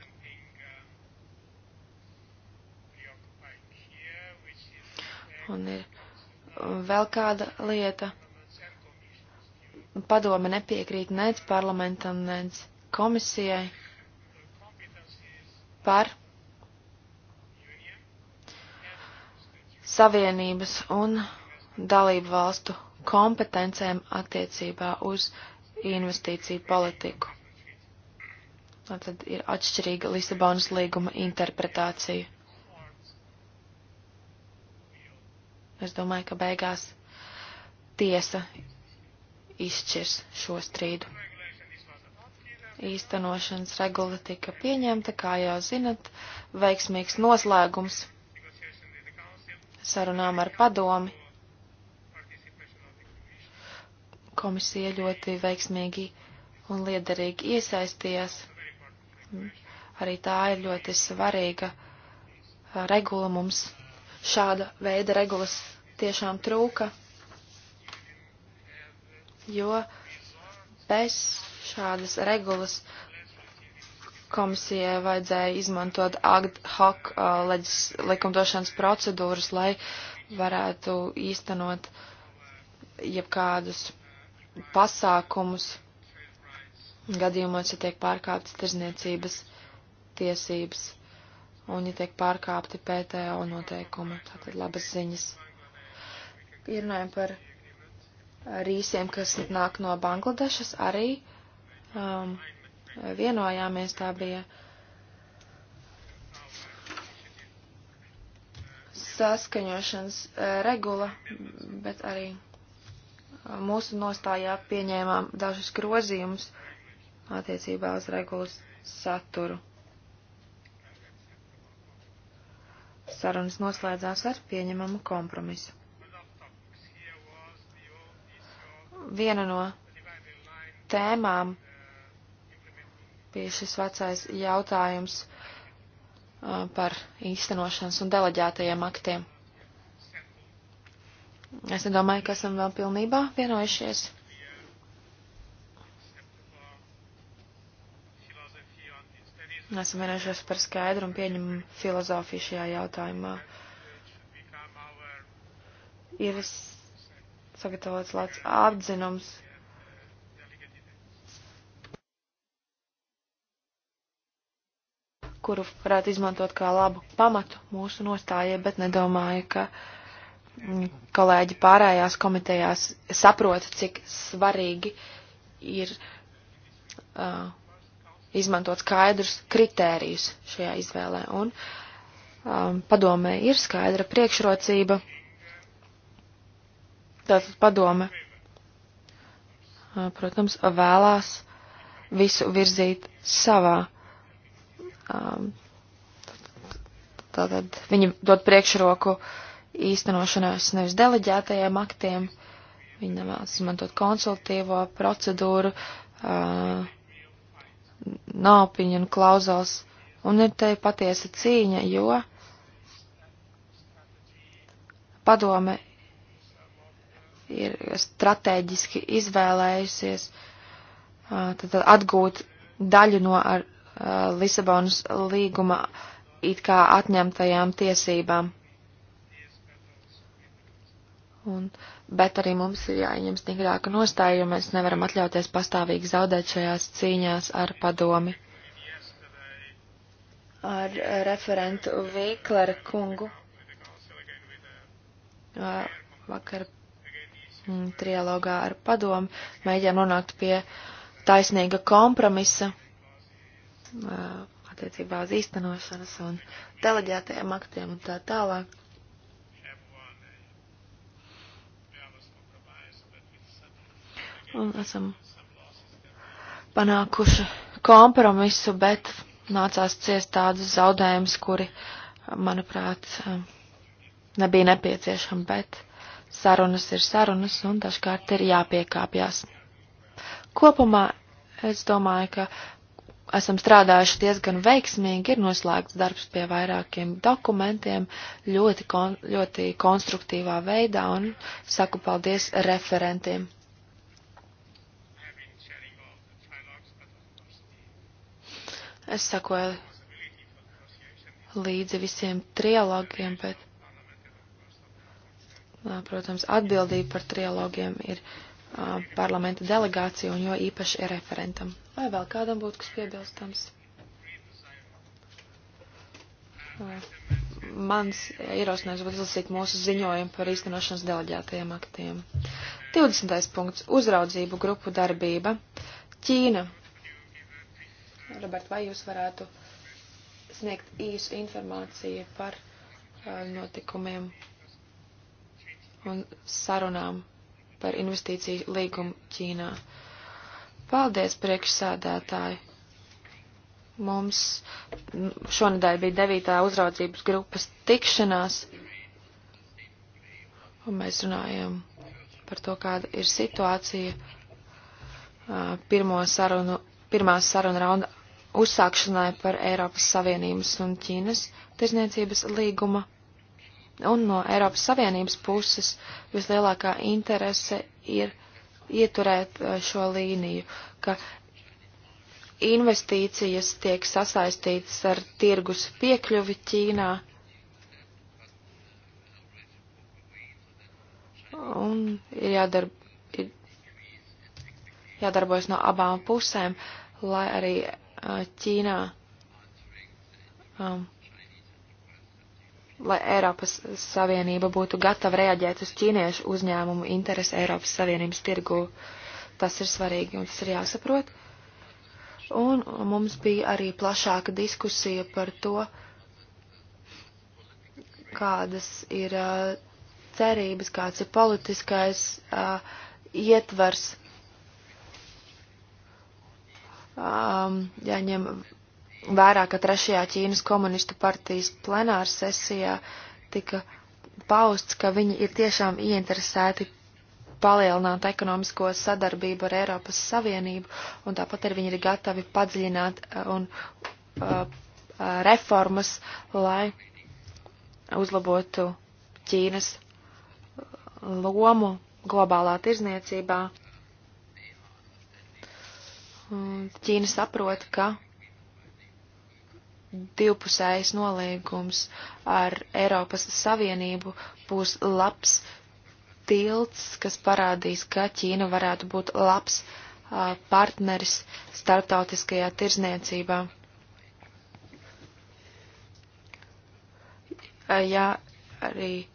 Un ir vēl kāda lieta. Padome nepiekrīt nec parlamentam, nec komisijai par savienības un dalību valstu kompetencēm attiecībā uz investīciju politiku. Tad ir atšķirīga Lisabonas līguma interpretācija. Es domāju, ka beigās tiesa izšķirs šo strīdu. Īstenošanas regula tika pieņemta, kā jau zinat, veiksmīgs noslēgums sarunām ar padomi. Komisija ļoti veiksmīgi un liederīgi iesaistījās. Arī tā ir ļoti svarīga regula mums šāda veida regulas tiešām trūka, jo bez šādas regulas komisijai vajadzēja izmantot ad hoc uh, leģis, likumdošanas procedūras, lai varētu īstenot jebkādus pasākumus gadījumos, ja tiek pārkāptas tirzniecības tiesības un ja tiek pārkāpti PTO noteikumi. Tātad labas ziņas. Runājam par rīsiem, kas nāk no Bangladešas, arī um, vienojāmies, tā bija saskaņošanas uh, regula, bet arī uh, mūsu nostājā pieņēmām dažus grozījumus attiecībā uz regulas saturu. Sarunas noslēdzās ar pieņemamu kompromisu. Viena no tēmām bija šis vecais jautājums uh, par īstenošanas un deleģētajiem aktiem. Es nedomāju, ka esam vēl pilnībā vienojušies. Esam vienojušies par skaidru un pieņemam filozofiju šajā jautājumā. Ir sagatavots lāts apzinums. kuru varētu izmantot kā labu pamatu mūsu nostājai, bet nedomāju, ka mm, kolēģi pārējās komitejās saprota, cik svarīgi ir uh, izmantot skaidrus kritērijus šajā izvēlē. Un um, padomē ir skaidra priekšrocība. Tātad padome, uh, protams, vēlās visu virzīt savā. Um, tātad viņi dod priekšroku īstenošanās nevis deleģētajiem aktiem, viņi nevēlas izmantot konsultīvo procedūru, uh, nāpiņu un klauzās, un ir te patiesa cīņa, jo padome ir strateģiski izvēlējusies tad atgūt daļu no ar Lisabonas līguma it kā atņemtajām tiesībām. Un, bet arī mums ir jāņem stingrāka nostāja, jo mēs nevaram atļauties pastāvīgi zaudēt šajās cīņās ar padomi. Ar referentu Vīklera kungu vakar mm, trialogā ar padomu mēģinām nonākt pie taisnīga kompromisa attiecībā uz īstenošanas un deleģētajiem aktiem un tā tālāk. un esam panākuši kompromisu, bet nācās ciest tādus zaudējumus, kuri, manuprāt, um, nebija nepieciešami, bet sarunas ir sarunas un dažkārt ir jāpiekāpjas. Kopumā es domāju, ka esam strādājuši diezgan veiksmīgi, ir noslēgts darbs pie vairākiem dokumentiem ļoti, kon ļoti konstruktīvā veidā un saku paldies referentiem. Es sakoju līdzi visiem trialogiem, bet, protams, atbildība par trialogiem ir uh, parlamenta delegācija un jo īpaši ir referentam. Vai vēl kādam būtu kas piebilstams? Uh, mans ierosinājums būtu izlasīt mūsu ziņojumu par īstenošanas deleģētajiem aktiem. 20. punkts - uzraudzību grupu darbība. Ķīna Robert, vai jūs varētu sniegt īsu informāciju par uh, notikumiem un sarunām par investīciju līgumu Ķīnā? Paldies, priekšsādātāji! Mums šonadēļ bija devītā uzraudzības grupas tikšanās, un mēs runājam par to, kāda ir situācija uh, pirmo sarunu, pirmās saruna raunda uzsākšanai par Eiropas Savienības un Ķīnas tirzniecības līguma. Un no Eiropas Savienības puses vislielākā interese ir ieturēt eh, šo līniju, ka investīcijas tiek sasaistītas ar tirgus piekļuvi Ķīnā. Un ir, jādarb, ir jādarbojas no abām pusēm, lai arī Ķīnā, um, lai Eiropas Savienība būtu gatava reaģēt uz ķīniešu uzņēmumu interesi Eiropas Savienības tirgu. Tas ir svarīgi un tas ir jāsaprot. Un mums bija arī plašāka diskusija par to, kādas ir uh, cerības, kāds ir politiskais uh, ietvers um, jāņem vērā, ka trešajā Ķīnas komunistu partijas plenāra sesijā tika pausts, ka viņi ir tiešām ieinteresēti palielināt ekonomisko sadarbību ar Eiropas Savienību, un tāpat arī viņi ir gatavi padziļināt uh, un uh, uh, reformas, lai uzlabotu Ķīnas uh, lomu globālā tirzniecībā. Ķīna saprot, ka divpusējs nolīgums ar Eiropas Savienību būs labs tilts, kas parādīs, ka Ķīna varētu būt labs uh, partneris starptautiskajā tirzniecībā. Uh, jā, arī uh,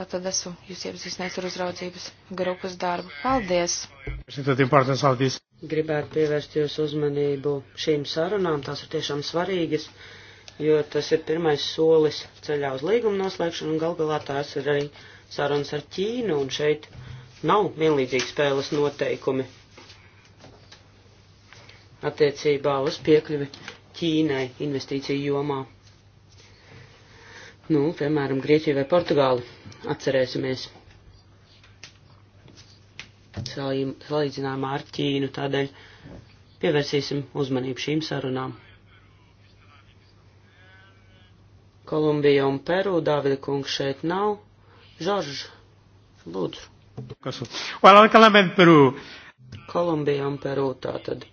tātad esmu jūs iepazīstinājis ar uzraudzības grupas darbu. Paldies! gribētu pievērst jūsu uzmanību šīm sarunām. Tās ir tiešām svarīgas, jo tas ir pirmais solis ceļā uz līgumu noslēgšanu, un gal galā tās ir arī sarunas ar Ķīnu, un šeit nav vienlīdzīgi spēles noteikumi attiecībā uz piekļuvi Ķīnai investīciju jomā. Nu, piemēram, Grieķiju vai Portugāli atcerēsimies salīdzinājumā ar Ķīnu, tādēļ pievērsīsim uzmanību šīm sarunām. Kolumbija un Peru, Dāvida kungs šeit nav. Žoržs, lūdzu. Well, Peru. Kolumbija un Peru tātad.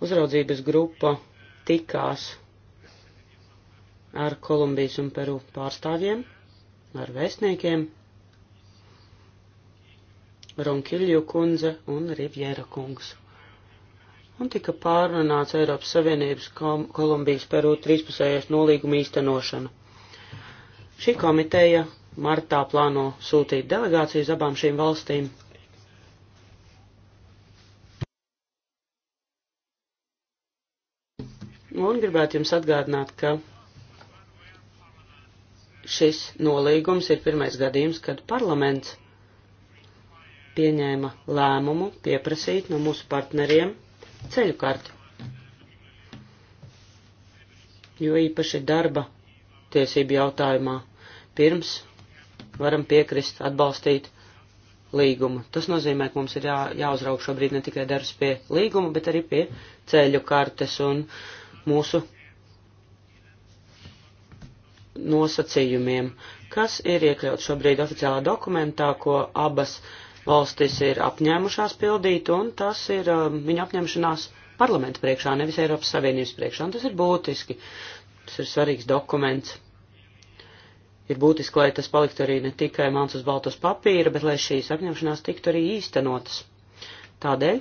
Uzraudzības grupa tikās ar Kolumbijas un Peru pārstāvjiem, ar vēstniekiem, Ronkilju kundze un Rivjera kungs. Un tika pārrunāts Eiropas Savienības Kolumbijas Peru trīspusējais nolīguma īstenošana. Šī komiteja martā plāno sūtīt delegāciju uz abām šīm valstīm. Un gribētu jums atgādināt, ka šis nolīgums ir pirmais gadījums, kad parlaments pieņēma lēmumu pieprasīt no mūsu partneriem ceļu karti. Jo īpaši darba tiesību jautājumā pirms varam piekrist, atbalstīt līgumu. Tas nozīmē, ka mums ir jā, jāuzrauk šobrīd ne tikai darbs pie līguma, bet arī pie ceļu kartes un mūsu nosacījumiem, kas ir iekļauts šobrīd oficiālā dokumentā, ko abas uh, valstis ir apņēmušās pildīt, un tas ir um, viņa apņemšanās parlamenta priekšā, nevis Eiropas Savienības priekšā, un tas ir būtiski. Tas ir svarīgs dokuments. Ir būtiski, lai tas paliktu arī ne tikai mans uz baltos papīra, bet lai šīs apņemšanās tiktu arī īstenotas. Tādēļ,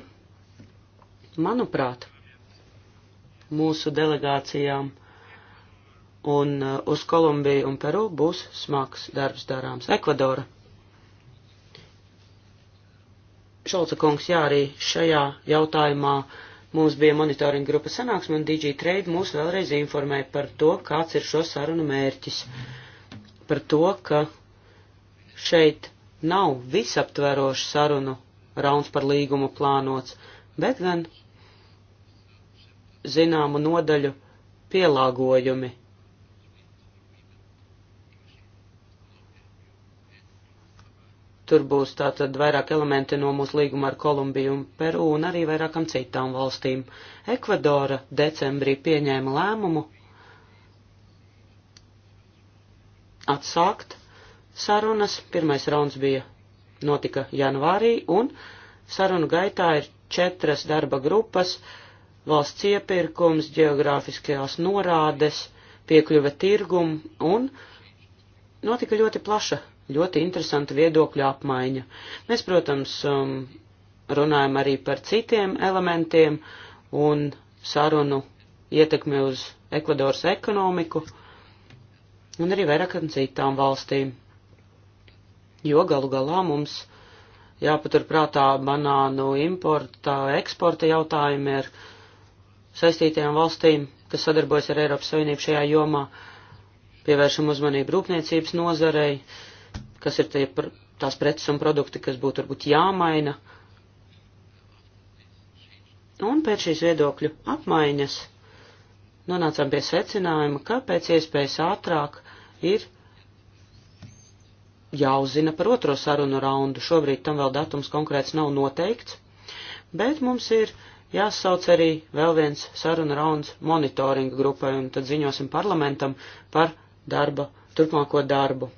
manuprāt, mūsu delegācijām un uh, uz Kolumbiju un Peru būs smags darbs darāms. Ekvadora Šolca kungs, jā, arī šajā jautājumā mums bija monitoringa grupa sanāksme, un DG Trade mūs vēlreiz informēja par to, kāds ir šo sarunu mērķis. Par to, ka šeit nav visaptverošu sarunu rauns par līgumu plānots, bet gan zināmu nodaļu pielāgojumi Tur būs tātad vairāk elementi no mūsu līguma ar Kolumbiju un Peru un arī vairākam citām valstīm. Ekvadora decembrī pieņēma lēmumu atsākt sarunas. Pirmais rauns bija notika janvārī un sarunu gaitā ir četras darba grupas - valsts iepirkums, geogrāfiskajās norādes, piekļuve tirgumu un notika ļoti plaša ļoti interesanta viedokļa apmaiņa. Mēs, protams, um, runājam arī par citiem elementiem un sarunu ietekmi uz Ekvadoras ekonomiku un arī vairākam citām valstīm. Jo galu galā mums jāpaturprātā banānu importa, eksporta jautājumi ir saistītajām valstīm, kas sadarbojas ar Eiropas Savienību šajā jomā. Pievēršam uzmanību rūpniecības nozarei, uh, kas ir tie, tās preces un produkti, kas būtu varbūt jāmaina. Un pēc šīs viedokļu apmaiņas nonācām pie secinājuma, ka pēc iespējas ātrāk ir jāuzzina par otro sarunu raundu. Šobrīd tam vēl datums konkrēts nav noteikts, bet mums ir jāsauc arī vēl viens sarunu rauns monitoringa grupai un tad ziņosim parlamentam par darba, turpmāko darbu.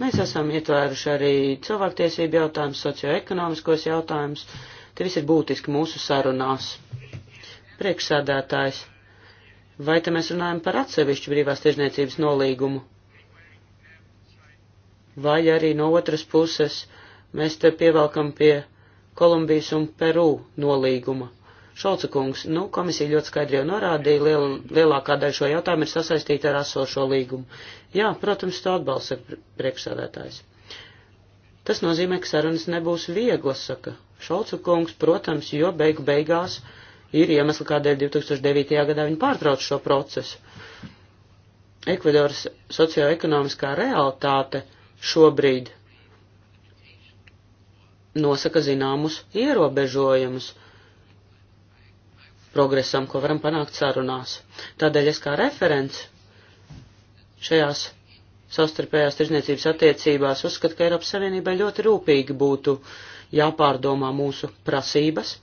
Mēs esam ietvēruši arī cilvēktiesību jautājumus, socioekonomiskos jautājumus. Te viss ir būtiski mūsu sarunās. Priekšsādātājs, vai te mēs runājam par atsevišķu brīvās tirzniecības nolīgumu? Vai arī no otras puses mēs te pievelkam pie Kolumbijas un Peru nolīguma? Šolca kungs, nu, komisija ļoti skaidri jau norādīja, liel, lielākā daļa šo jautājumu ir sasaistīta ar esošo līgumu. Jā, protams, to atbalsta priekšsēdētājs. Tas nozīmē, ka sarunas nebūs vieglas, saka Šolca kungs, protams, jo beigu beigās ir iemesli, kādēļ 2009. gadā viņi pārtrauc šo procesu. Ekvadoras socioekonomiskā realitāte šobrīd nosaka zināmus ierobežojumus progresam, ko varam panākt sarunās. Tādēļ es kā referents šajās savstarpējās tirzniecības attiecībās uzskatu, ka Eiropas Savienībai ļoti rūpīgi būtu jāpārdomā mūsu prasības,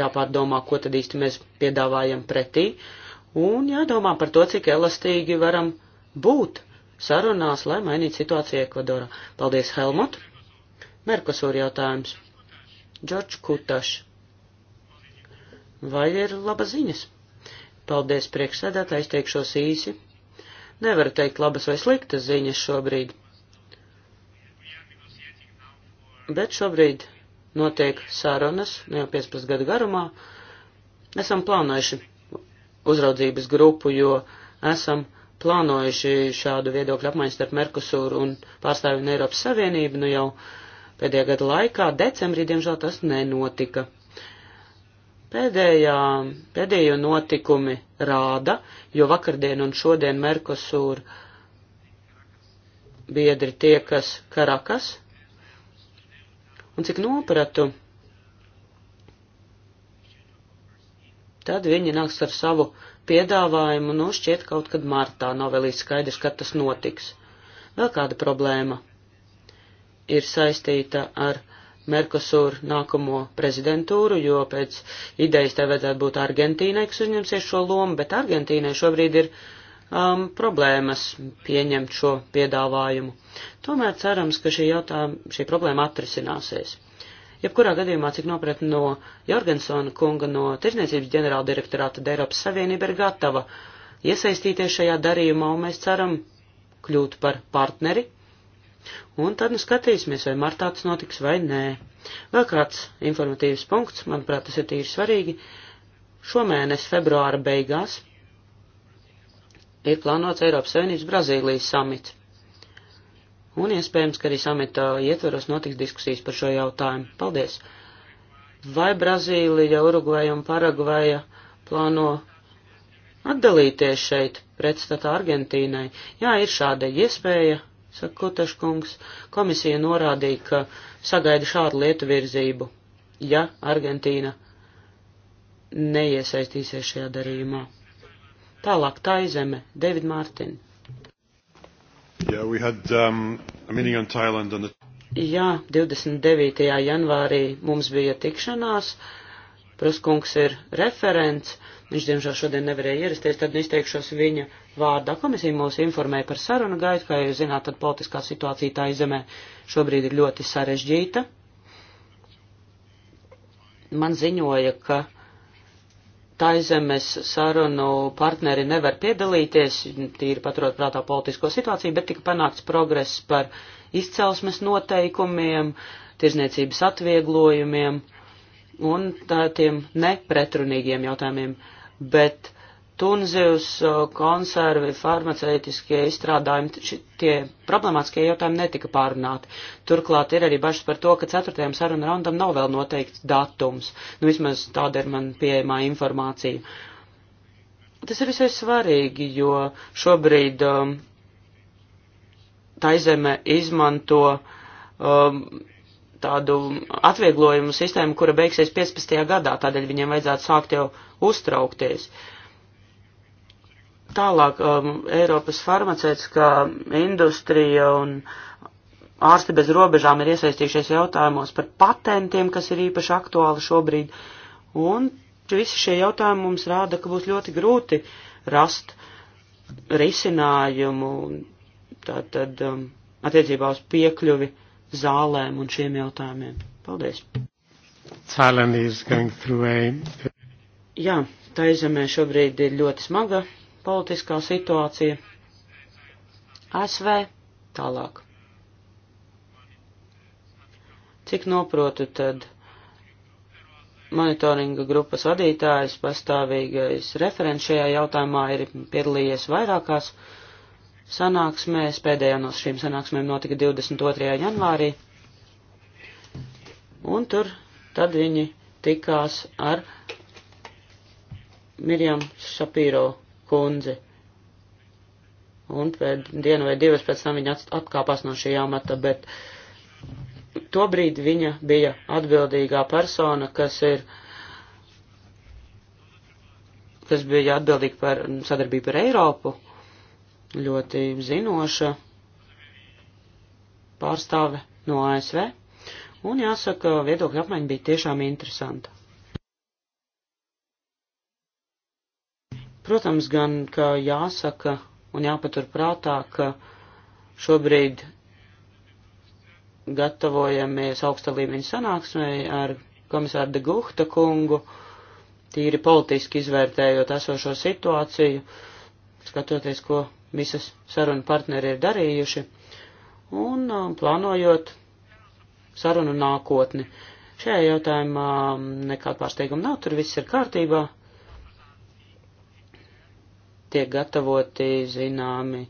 jāpārdomā, ko tad īsti mēs piedāvājam pretī, un jādomā par to, cik elastīgi varam būt sarunās, lai mainītu situāciju Ekvadorā. Paldies, Helmut! Merkosūra jautājums. Džordž Kutašs. Vai ir laba ziņas? Paldies priekšsēdētājs, teikšos īsi. Nevaru teikt labas vai sliktas ziņas šobrīd. Bet šobrīd notiek sarunas, nu jau 15 gadu garumā, esam plānojuši uzraudzības grupu, jo esam plānojuši šādu viedokļu apmaiņu starp Merkusūru un pārstāvju un Eiropas Savienību, nu jau pēdējā gada laikā, decembrī, diemžēl tas nenotika. Pēdējā, pēdējo notikumi rāda, jo vakardien un šodien Merkosūra biedri tiekas Karakas. Un cik nopratu, tad viņi nāks ar savu piedāvājumu, nu šķiet kaut kad martā, nav vēl īsti skaidrs, kad tas notiks. Vēl kāda problēma ir saistīta ar Merkosur nākamo prezidentūru, jo pēc idejas te vajadzētu būt Argentīnai, kas uzņemsies šo lomu, bet Argentīnai šobrīd ir um, problēmas pieņemt šo piedāvājumu. Tomēr cerams, ka šī, jautājuma, šī problēma atrisināsies. Jebkurā gadījumā, cik nopietni no Jorgensona kunga no Tirzniecības ģenerāla direktorāta Eiropas Savienība ir gatava iesaistīties šajā darījumā, un mēs ceram kļūt par partneri Un tad nu skatīsimies, vai martā tas notiks vai nē. Vēl kāds informatīvs punkts, manuprāt, tas ir tīri svarīgi. Šomēnes februāra beigās ir plānots Eiropas Savienības Brazīlijas samits. Un iespējams, ka arī samita ietvaros notiks diskusijas par šo jautājumu. Paldies! Vai Brazīlija, Urugvaja un Paragvaja plāno atdalīties šeit pretstatā Argentīnai? Jā, ir šāda iespēja Saka Kutaškungs, komisija norādīja, ka sagaida šādu lietu virzību, ja Argentīna neiesaistīsies šajā darījumā. Tālāk tā izeme, David Mārtiņ. Yeah, had, um, the... Jā, 29. janvārī mums bija tikšanās. Uh, Pruskungs ir referents, viņš diemžēl šodien nevarēja ierasties, tad izteikšos viņa vārdā. Komisija mūs informēja par sarunu gaitu, kā jūs zināt, tad politiskā situācija tā izemē šobrīd ir ļoti sarežģīta. Man ziņoja, ka Taizemes sarunu partneri nevar piedalīties, tīri paturot prātā politisko situāciju, bet tika panākts progress par izcelsmes noteikumiem, tirzniecības atvieglojumiem, un tiem nepretrunīgiem jautājumiem, bet tunzivs, konservi, farmaceitiskie izstrādājumi, tie problemātiskie jautājumi netika pārunāti. Turklāt ir arī bažas par to, ka ceturtajam sarunu raundam nav vēl noteikts datums. Nu, vismaz tāda ir man pieejamā informācija. Tas ir visai svarīgi, jo šobrīd um, Taizeme izmanto um, tādu atvieglojumu sistēmu, kura beigsies 15. gadā, tādēļ viņiem vajadzētu sākt jau uztraukties. Tālāk um, Eiropas farmaceitiskā industrija un ārsti bez robežām ir iesaistījušies jautājumos par patentiem, kas ir īpaši aktuāli šobrīd. Un visi šie jautājumi mums rāda, ka būs ļoti grūti rast risinājumu tātad, um, attiecībā uz piekļuvi zālēm un šiem jautājumiem. Paldies! Thailand is going through a... Jā, Taizemē šobrīd ir ļoti smaga politiskā situācija. ASV tālāk. Cik noprotu, tad monitoringa grupas vadītājs, pastāvīgais referents šajā jautājumā ir piedalījies vairākās uh, sanāksmēs, pēdējā no šīm sanāksmēm notika 22. janvārī, un tur tad viņi tikās ar Mirjam Šapīro kundzi. Un pēc dienu vai divas pēc tam viņa atkāpās no šī amata, bet tobrīd viņa bija atbildīgā persona, kas ir kas bija atbildīga par sadarbību ar Eiropu, ļoti zinoša pārstāve no ASV, un jāsaka, viedokļa apmaiņa bija tiešām interesanta. Protams, gan, ka jāsaka un jāpatur prātā, ka šobrīd gatavojamies augsta līmeņa sanāksmei ar komisāru de Guhta kungu, tīri politiski izvērtējot esošo situāciju, skatoties, ko visas sarunu partneri ir darījuši, un uh, plānojot sarunu nākotni. Šajā jautājumā um, nekāda pārsteiguma nav, tur viss ir kārtībā. Tiek gatavoti zināmi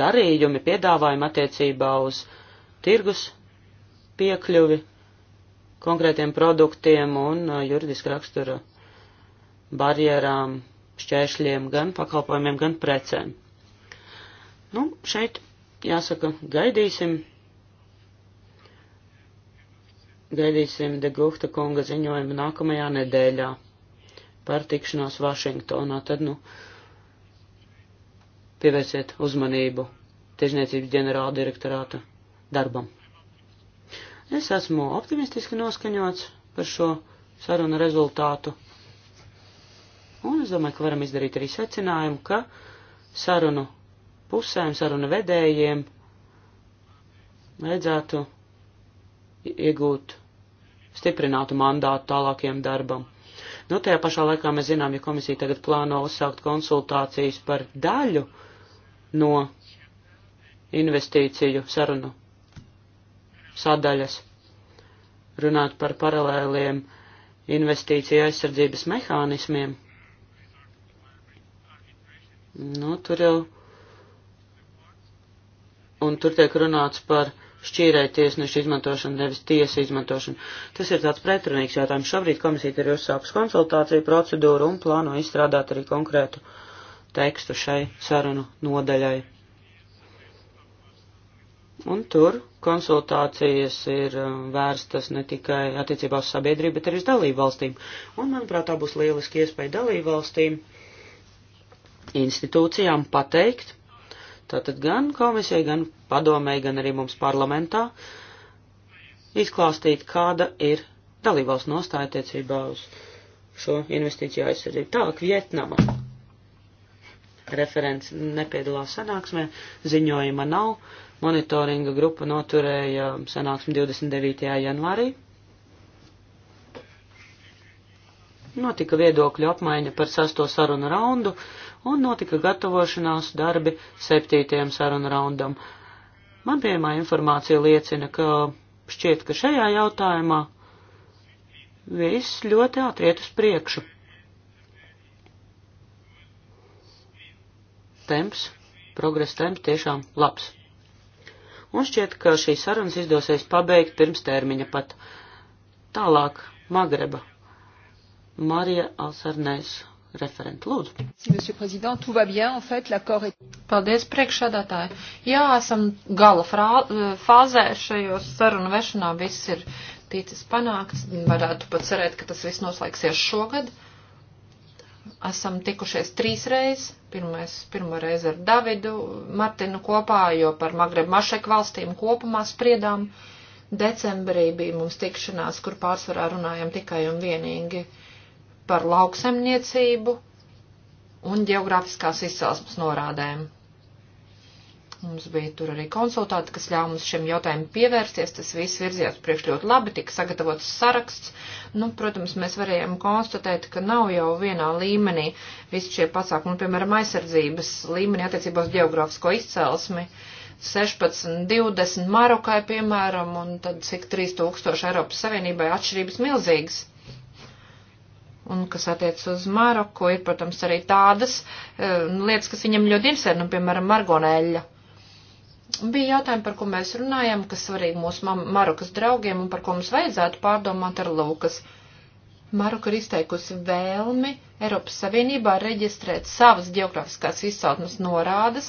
darījumi, piedāvājumi attiecībā uz tirgus piekļuvi konkrētiem produktiem un uh, juridiska rakstura barjerām, šķēršļiem, gan pakalpojumiem, gan precēm. Nu, šeit jāsaka, gaidīsim. Gaidīsim Degufta kunga ziņojumu nākamajā nedēļā par tikšanos Vašingtonā. Tad, nu, pievērsiet uzmanību Tirzniecības ģenerāla direktorāta darbam. Es esmu optimistiski noskaņots par šo sarunu rezultātu. Un es domāju, ka varam izdarīt arī secinājumu, ka sarunu pusēm, saruna vedējiem vajadzētu iegūt stiprinātu mandātu tālākiem darbam. Nu, tajā pašā laikā mēs zinām, ja komisija tagad plāno uzsākt konsultācijas par daļu no investīciju sarunu sadaļas, runāt par paralēliem investīciju aizsardzības mehānismiem. Nu, tur jau un tur tiek runāts par šķīrēju tiesnešu izmantošanu, nevis tiesu izmantošanu. Tas ir tāds pretrunīgs jautājums. Šobrīd komisija ir uzsākus konsultāciju procedūru un plāno izstrādāt arī konkrētu tekstu šai sarunu nodaļai. Un tur konsultācijas ir um, vērstas ne tikai attiecībā uz sabiedrību, bet arī uz dalību valstīm. Un, manuprāt, tā būs lieliski iespēja dalību valstīm institūcijām pateikt, Tātad gan komisijai, gan padomēji, gan arī mums parlamentā izklāstīt, kāda ir dalībvalsts nostāja attiecībā uz šo investīciju aizsardzību. Tālāk Vietnama. Referents nepiedalās sanāksmē, ziņojuma nav. Monitoringa grupa noturēja sanāksmi 29. janvārī. Notika viedokļu apmaiņa par sesto sarunu raundu, un notika gatavošanās darbi septītajam sarunu raundam. Man pieejamā informācija liecina, ka šķiet, ka šajā jautājumā viss ļoti ātriet uz priekšu. Temps, progresa temps tiešām labs. Un šķiet, ka šīs sarunas izdosies pabeigt pirms termiņa pat tālāk Magreba. Marija Alsarnēs referentu lūdzu. Paldies, priekšsādātāji. Jā, esam gala frā, fāzē šajos sarunu vešanā. Viss ir ticis panākts. Varētu pat cerēt, ka tas viss noslēgsies šogad. Esam tikušies trīs reizes. Pirmais, pirmo reizi ar Davidu Martinu kopā, jo par Magreb Mašek valstīm kopumā spriedām. Decembrī bija mums tikšanās, kur pārsvarā runājam tikai un vienīgi uh, par lauksemniecību un geogrāfiskās izcelsmes norādēm. Mums bija tur arī konsultāti, kas ļāva mums šiem jautājumiem pievērsties. Tas viss virzījās priekš ļoti labi, tika sagatavots saraksts. Nu, protams, mēs varējām konstatēt, ka nav jau vienā līmenī visi šie pasākumi, piemēram, aizsardzības līmenī attiecībā uz geogrāfisko izcelsmi. 16, 20 Marokai, piemēram, un tad cik 3000 Eiropas Savienībai atšķirības milzīgas. Un kas attiec uz Maroku, ir, protams, arī tādas uh, lietas, kas viņam ļoti interesē, nu, piemēram, margonēļa. Bija jautājumi, par ko mēs runājam, kas svarīgi mūsu Marokas draugiem un par ko mums vajadzētu pārdomāt ar Lūkas. Maroka ir izteikusi vēlmi Eiropas Savienībā reģistrēt savas geogrāfiskās izceltnes norādes,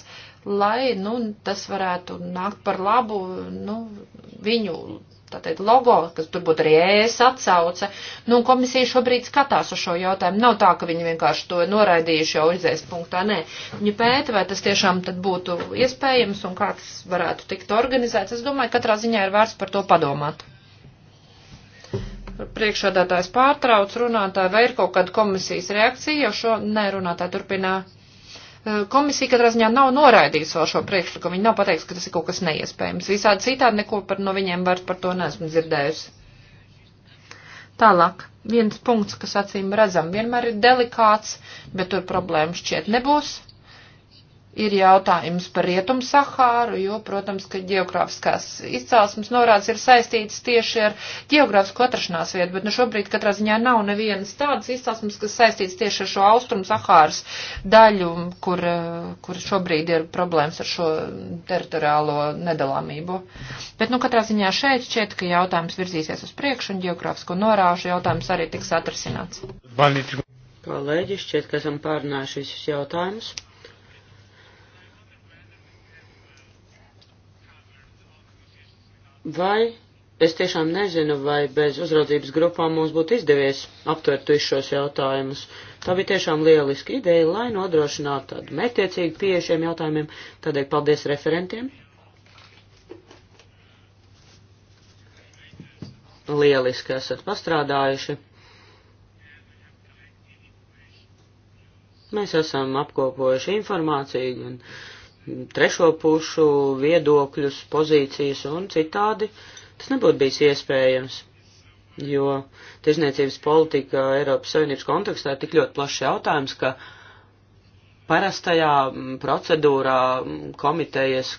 lai, nu, tas varētu nākt par labu, nu, viņu tātad logo, kas tur būtu arī ēs e atsauce. Nu, komisija šobrīd skatās uz šo jautājumu. Nav tā, ka viņi vienkārši to noraidījuši jau izēs punktā. Nē, viņi pēta, vai tas tiešām tad būtu iespējams un kā tas varētu tikt organizēts. Es domāju, katrā ziņā ir vērts par to padomāt. Priekšādātājs pārtrauc runātāju, vai ir kaut kāda komisijas reakcija, jo šo nerunātāja turpinā Eh, komisija katrā ziņā nav noraidījusi vēl šo priekšlikumu. Viņa nav pateikusi, ka tas ir kaut kas neiespējams. Visādi citādi neko par, no viņiem vairs par to neesmu dzirdējusi. Tālāk, viens punkts, kas acīm redzam, vienmēr ir delikāts, bet tur problēmas šķiet nebūs ir jautājums par rietumu Sahāru, jo, protams, ka geogrāfiskās izcelsmes norādes ir saistītas tieši ar geogrāfisko atrašanās vietu, bet nu šobrīd katrā ziņā nav nevienas tādas izcelsmes, kas saistītas tieši ar šo austrumu Sahāras daļu, kur, eh, kur šobrīd ir problēmas ar šo teritoriālo nedalāmību. Bet, nu, katrā ziņā šeit šķiet, ka jautājums virzīsies uz priekšu un geogrāfisko norāžu jautājums arī tiks atrasināts. Kolēģi, šķiet, ka esam pārnājuši visus jautājumus. Vai es tiešām nezinu, vai bez uzraudzības grupām mums būtu izdevies aptvert visus šos jautājumus. Tā bija tiešām lieliska ideja, lai nodrošinātu tādu mērķtiecīgu pieeju šiem jautājumiem. Tādēļ paldies referentiem. Lieliski esat pastrādājuši. Mēs esam apkopojuši informāciju un. Uh, trešo pušu viedokļus, pozīcijas un citādi, tas nebūtu bijis iespējams, jo tirzniecības politika Eiropas Savienības kontekstā ir tik ļoti plašs jautājums, ka parastajā procedūrā komitejas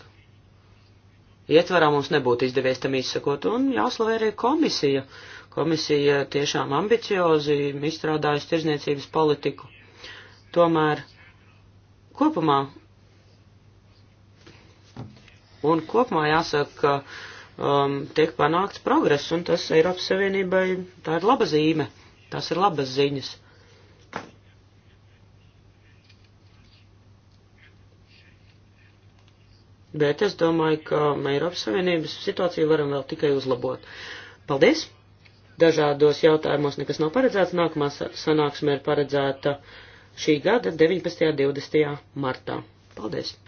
ietvarā mums nebūtu izdevies tam izsakot, un jāslavē arī komisija. Komisija tiešām ambiciozi izstrādājusi tirzniecības politiku. Tomēr kopumā Un kopumā jāsaka, ka um, tiek panākts progress, un tas Eiropas Savienībai tā ir laba zīme, tās ir labas ziņas. Bet es domāju, ka Eiropas Savienības situāciju varam vēl tikai uzlabot. Paldies! Dažādos jautājumos nekas nav paredzēts. Nākamā sanāksme ir paredzēta šī gada 19. un 20. martā. Paldies!